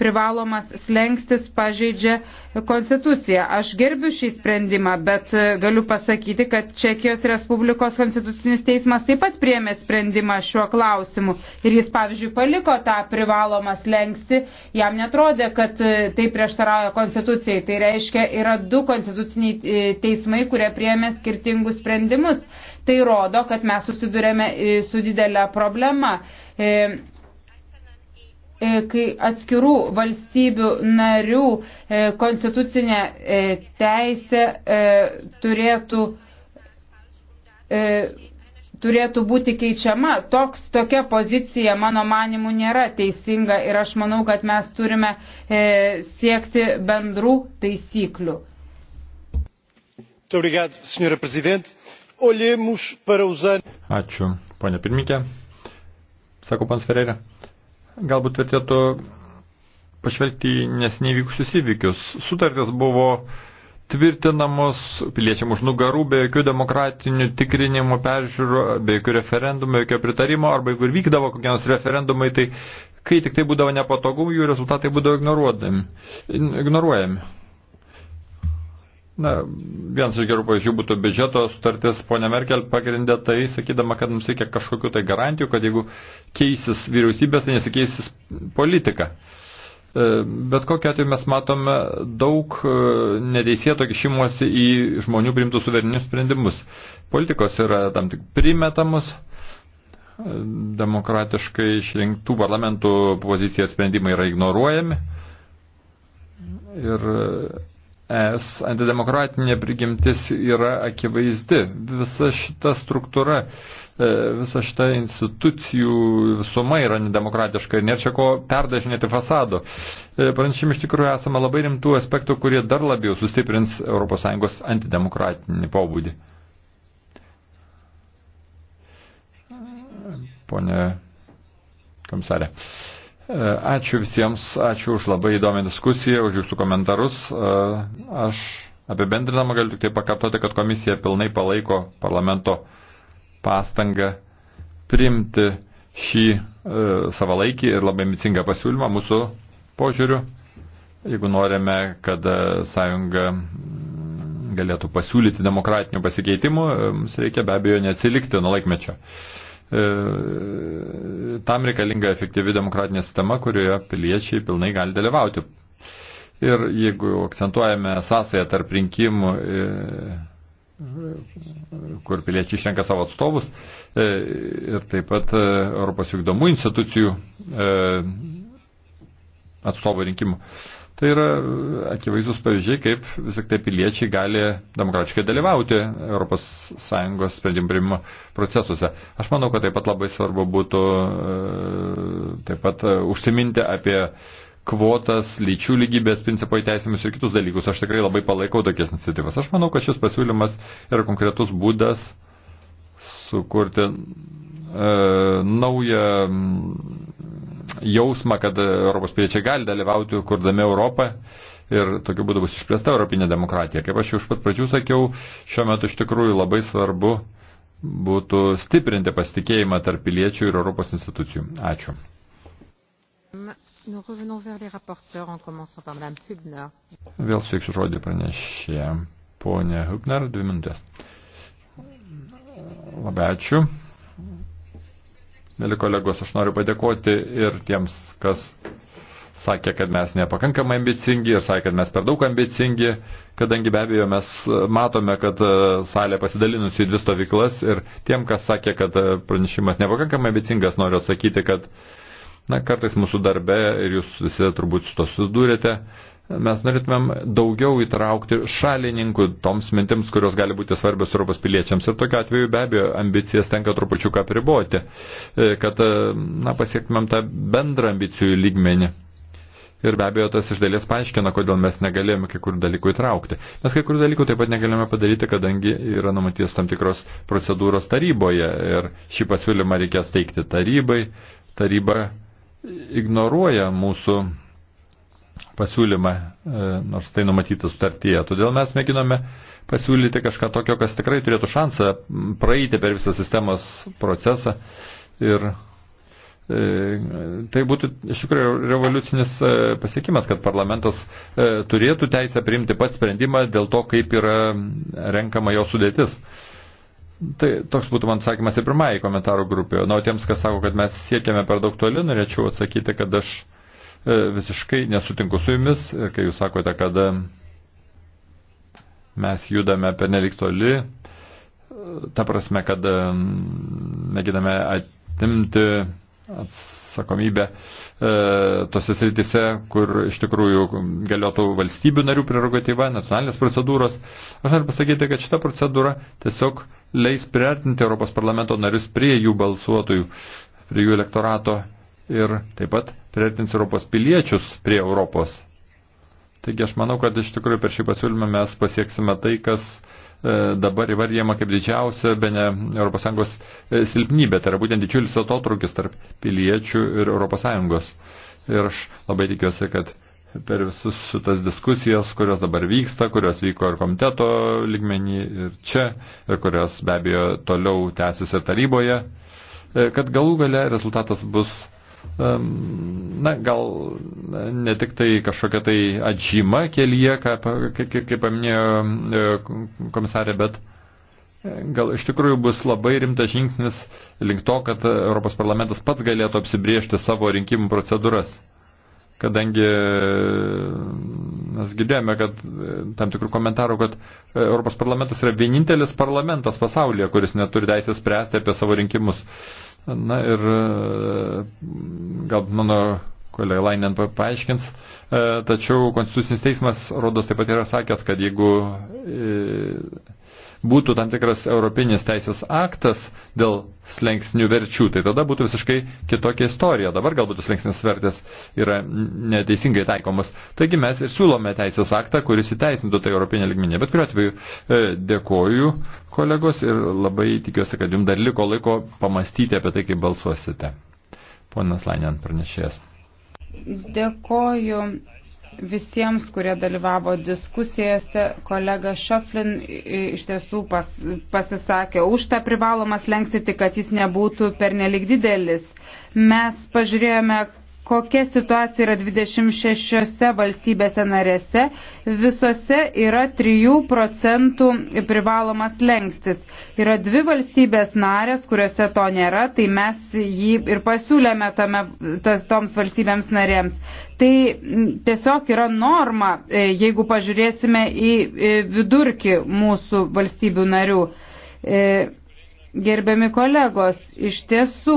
privalomas slengstis pažeidžia konstituciją. Aš gerbiu šį sprendimą, bet galiu pasakyti, kad Čekijos Respublikos konstitucinis teismas taip pat priemė sprendimą šiuo klausimu. Ir jis, pavyzdžiui, paliko tą privalomą slengsti, jam netrodė, kad tai prieštarauja konstitucijai. Tai reiškia, yra du konstituciniai e, teismai, kurie priemė skirtingus sprendimus. Tai rodo, kad mes susidurėme e, su didelė problema. E, E, kai atskirų valstybių narių e, konstitucinė e, teisė turėtų, turėtų būti keičiama. Toks, tokia pozicija, mano manimu, nėra teisinga ir aš manau, kad mes turime siekti bendrų taisyklių. Ačiū, ponia pirmininkė. Sako pan Ferreira. Galbūt vertėtų pažvelgti į nesiniai vykusius įvykius. Sutartis buvo tvirtinamos piliečiam už nugarų be jokių demokratinių tikrinimų, peržiūrų, be jokių referendumų, jokio pritarimo, arba jeigu ir vykdavo kokie nors referendumai, tai kai tik tai būdavo nepatogumų, jų rezultatai būdavo ignoruojami. Na, vienas iš gerų pavyzdžių būtų biudžeto sutartis. Pone Merkel pagrindė tai, sakydama, kad mums reikia kažkokiu tai garantijų, kad jeigu keisis vyriausybės, tai nesikeisis politika. E, bet kokiu atveju mes matome daug e, neteisėto kišimuosi į žmonių priimtų suverenius sprendimus. Politikos yra tam tik primetamos, e, demokratiškai išrinktų parlamentų pozicija sprendimai yra ignoruojami. Ir es antidemokratinė prigimtis yra akivaizdi. Visa šita struktūra, e, visa šita institucijų visuma yra nedemokratiška ir nėra čia ko perdažinėti fasado. E, Pranešim iš tikrųjų esame labai rimtų aspektų, kurie dar labiau sustiprins ES antidemokratinį pobūdį. Pone komisarė. E, ačiū visiems, ačiū už labai įdomią diskusiją, už jūsų komentarus. E, aš apibendrinamą galiu tik tai pakartoti, kad komisija pilnai palaiko parlamento pastangą priimti šį e, savalaikį ir labai micingą pasiūlymą mūsų požiūriu, jeigu norime, kad e, sąjunga galėtų pasiūlyti demokratinių pasikeitimų, mums reikia be abejo neatsilikti nuo laikmečio. E, tam reikalinga efektyvi demokratinė sistema, kurioje piliečiai pilnai gali dalyvauti. Ir jeigu akcentuojame sąsąją tarp rinkimų, e, kur piliečiai išrenka savo atstovus, e, ir taip pat Europos vykdomų institucijų atstovų rinkimų, Tai yra akivaizdus pavyzdžiai, kaip vis tik tai piliečiai gali demokratiškai dalyvauti ES sprendimų priimimo procesuose. Aš manau, kad taip pat labai svarbu būtų e, taip pat e, užsiminti apie kvotas, lyčių lygybės principo įteisimus ir kitus dalykus. Aš tikrai labai palaikau tokias iniciatyvas. Aš manau, kad šis pasiūlymas yra konkretus būdas sukurti e, naują jausmą, kad Europos piliečiai gali dalyvauti, kurdami Europą ir tokiu būdu bus išplėsta europinė demokratija. Kaip aš jau iš pat pradžių sakiau, šiuo metu iš tikrųjų labai svarbu būtų stiprinti pasitikėjimą tarp piliečių ir Europos institucijų. Ačiū. Vėl sveiksiu žodį pranešė ponė Hübner, dvi minutės. Labai ačiū. Mėly kolegos, aš noriu padėkoti ir tiems, kas sakė, kad mes nepakankamai ambicingi ir sakė, kad mes per daug ambicingi, kadangi be abejo mes matome, kad e, salė pasidalinusi į dvi stovyklas ir tiem, kas sakė, kad e, pranešimas nepakankamai ambicingas, noriu atsakyti, kad na, kartais mūsų darbe ir jūs visi turbūt su to susidūrėte, mes norėtumėm daugiau įtraukti šalininkų toms mintims, kurios gali būti svarbios Europos piliečiams. Ir tokiu atveju be abejo ambicijas tenka trupučiuką priboti, e, kad e, na, pasiektumėm tą bendrą ambicijų lygmenį. Ir be abejo, tas iš dalies paaiškina, kodėl mes negalėjome kai kurių dalykų įtraukti. Mes kai kurių dalykų taip pat negalėjome padaryti, kadangi yra numatytas tam tikros procedūros taryboje ir šį pasiūlymą reikės teikti tarybai. Taryba ignoruoja mūsų pasiūlymą, e, nors tai numatyta sutartyje. Todėl mes mėginome pasiūlyti kažką tokio, kas tikrai turėtų šansą praeiti per visą sistemos procesą ir e, Tai būtų iš tikrųjų revoliucinis e, pasiekimas, kad parlamentas turėtų teisę priimti pat sprendimą dėl to, kaip yra renkama jo sudėtis. Tai toks būtų man atsakymas ir pirmąjį komentarų grupėje. Na, o tiems, kas sako, kad mes siekiame per daug toli, norėčiau atsakyti, kad aš E, visiškai nesutinku su jumis, e, kai jūs sakote, kad e, mes judame per nelik toli, ta prasme, kad mėginame atimti atsakomybę tose sritise, kur iš tikrųjų galėtų valstybių narių prerogatyva, nacionalinės procedūros. Aš noriu pasakyti, kad šita procedūra tiesiog leis priartinti Europos parlamento narius prie jų balsuotojų, prie jų elektorato ir taip pat priartins Europos piliečius prie Europos. Taigi aš manau, kad iš tikrųjų per šį pasiūlymą mes pasieksime tai, kas e, dabar įvardyjama kaip didžiausia, be ne ES e, silpnybė, tai yra būtent didžiulis atotrukis tarp piliečių ir ES. Ir aš labai tikiuosi, kad per visus šitas diskusijas, kurios dabar vyksta, kurios vyko ir komiteto lygmenį ir čia, ir kurios be abejo toliau tęsis ir taryboje, e, kad galų gale rezultatas bus na, gal e, ne tik tai kažkokia tai atžyma kelyje, kaip, kaip, kaip paminėjo e, komisarė, bet e, gal iš tikrųjų bus labai rimtas žingsnis link to, kad Europos parlamentas pats galėtų apsibriežti savo rinkimų procedūras. Kadangi mes girdėjome, kad tam tikrų komentarų, kad Europos parlamentas yra vienintelis parlamentas pasaulyje, kuris neturi teisės spręsti apie savo rinkimus. Uh, Na ir e, galbūt mano kolega Lainen paaiškins, e, tačiau Konstitucinis teismas, rodos, taip pat yra sakęs, kad jeigu e, būtų tam tikras europinis teisės aktas dėl slengsnių verčių, tai tada būtų visiškai kitokia istorija. Dabar galbūt slengsnės vertės yra neteisingai taikomos. Taigi mes ir siūlome teisės aktą, kuris įteisintų tai europinę ligminę. Bet kuriuo atveju e, dėkoju kolegos ir labai tikiuosi, kad jums dar liko laiko pamastyti apie tai, kaip balsuosite. Ponas Lainian pranešėjas. Dėkoju visiems, kurie dalyvavo diskusijose. Kolega Šoflin iš tiesų pas, pasisakė už tą privalomą slengsti, tik kad jis nebūtų pernelik didelis. Mes pažiūrėjome, kokia situacija yra 26 valstybėse narėse, visose yra 3 procentų privalomas lengstis. Yra dvi valstybės narės, kuriuose to nėra, tai mes jį ir pasiūlėme tome, tos, toms valstybėms narėms. Tai tiesiog yra norma, e, jeigu pažiūrėsime į e, vidurkį mūsų valstybių narių. E, Gerbiami kolegos, iš tiesų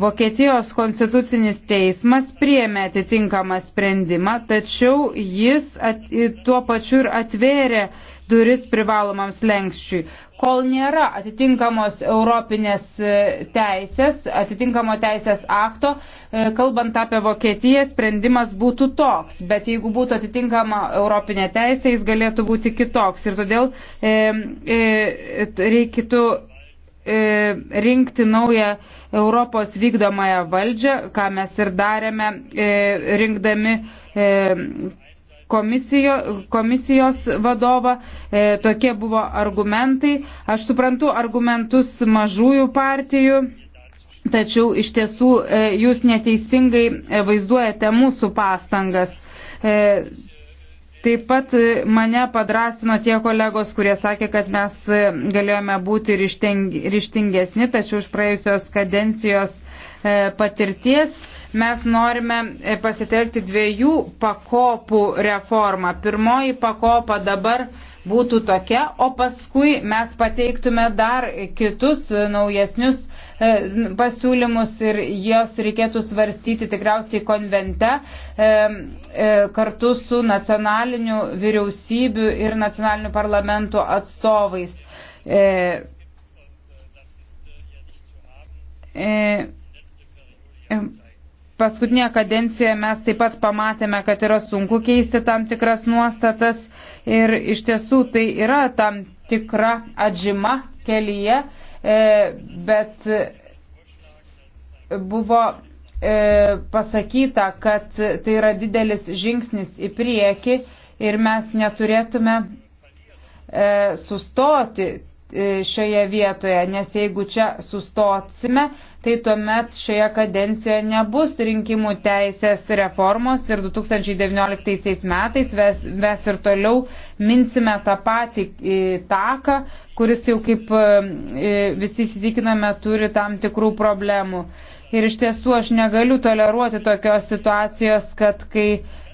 Vokietijos konstitucinis teismas priemė atitinkamą sprendimą, tačiau jis at, tuo pačiu ir atvėrė duris privalomam slengščiui. Kol nėra atitinkamos europinės e, teisės, atitinkamo teisės akto, e, kalbant apie Vokietiją, sprendimas būtų toks, bet jeigu būtų atitinkama europinė teisė, jis galėtų būti kitoks. Ir todėl e, e, reikėtų E, rinkti naują Europos vykdomąją valdžią, ką mes ir darėme e, rinkdami e, komisijo, komisijos vadovą. E, tokie buvo argumentai. Aš suprantu argumentus mažųjų partijų. Tačiau iš tiesų e, jūs neteisingai vaizduojate mūsų pastangas. E, Taip pat e, mane padrasino tie kolegos, kurie sakė, kad mes e, galėjome būti ryštingesni, tačiau iš praėjusios kadencijos e, patirties mes norime e, pasitelkti dviejų pakopų reformą. Pirmoji pakopa dabar būtų tokia, o paskui mes pateiktume dar kitus e, naujesnius e, pasiūlymus ir jos reikėtų svarstyti tikriausiai konvente kartu su nacionaliniu vyriausybių ir nacionaliniu parlamentu atstovais. E, e, Paskutinėje kadencijoje mes taip pat pamatėme, kad yra sunku keisti tam tikras nuostatas ir iš tiesų tai yra tam tikra atžima kelyje, e, bet buvo e, pasakyta, kad tai yra didelis žingsnis į priekį ir mes neturėtume e, sustoti E, šioje vietoje, nes jeigu čia sustosime, tai tuomet šioje kadencijoje nebus rinkimų teisės reformos ir 2019 metais mes, mes ir toliau minsime tą patį e, taką, kuris jau kaip e, visi įsitikiname turi tam tikrų problemų. Ir iš tiesų aš negaliu toleruoti tokios situacijos, kad kai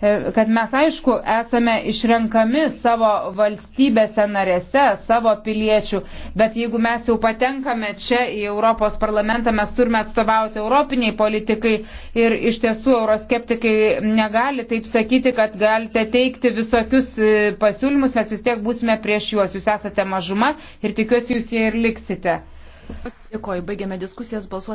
E, kad mes aišku esame išrenkami savo valstybėse narėse, savo piliečių, bet jeigu mes jau patenkame čia į Europos parlamentą, mes turime atstovauti europiniai politikai ir iš tiesų euroskeptikai negali taip sakyti, kad galite teikti visokius e, pasiūlymus, mes vis tiek būsime prieš juos, jūs esate mažuma ir tikiuosi jūs jie ir liksite. Dėkoju, baigėme diskusijas balsuoti.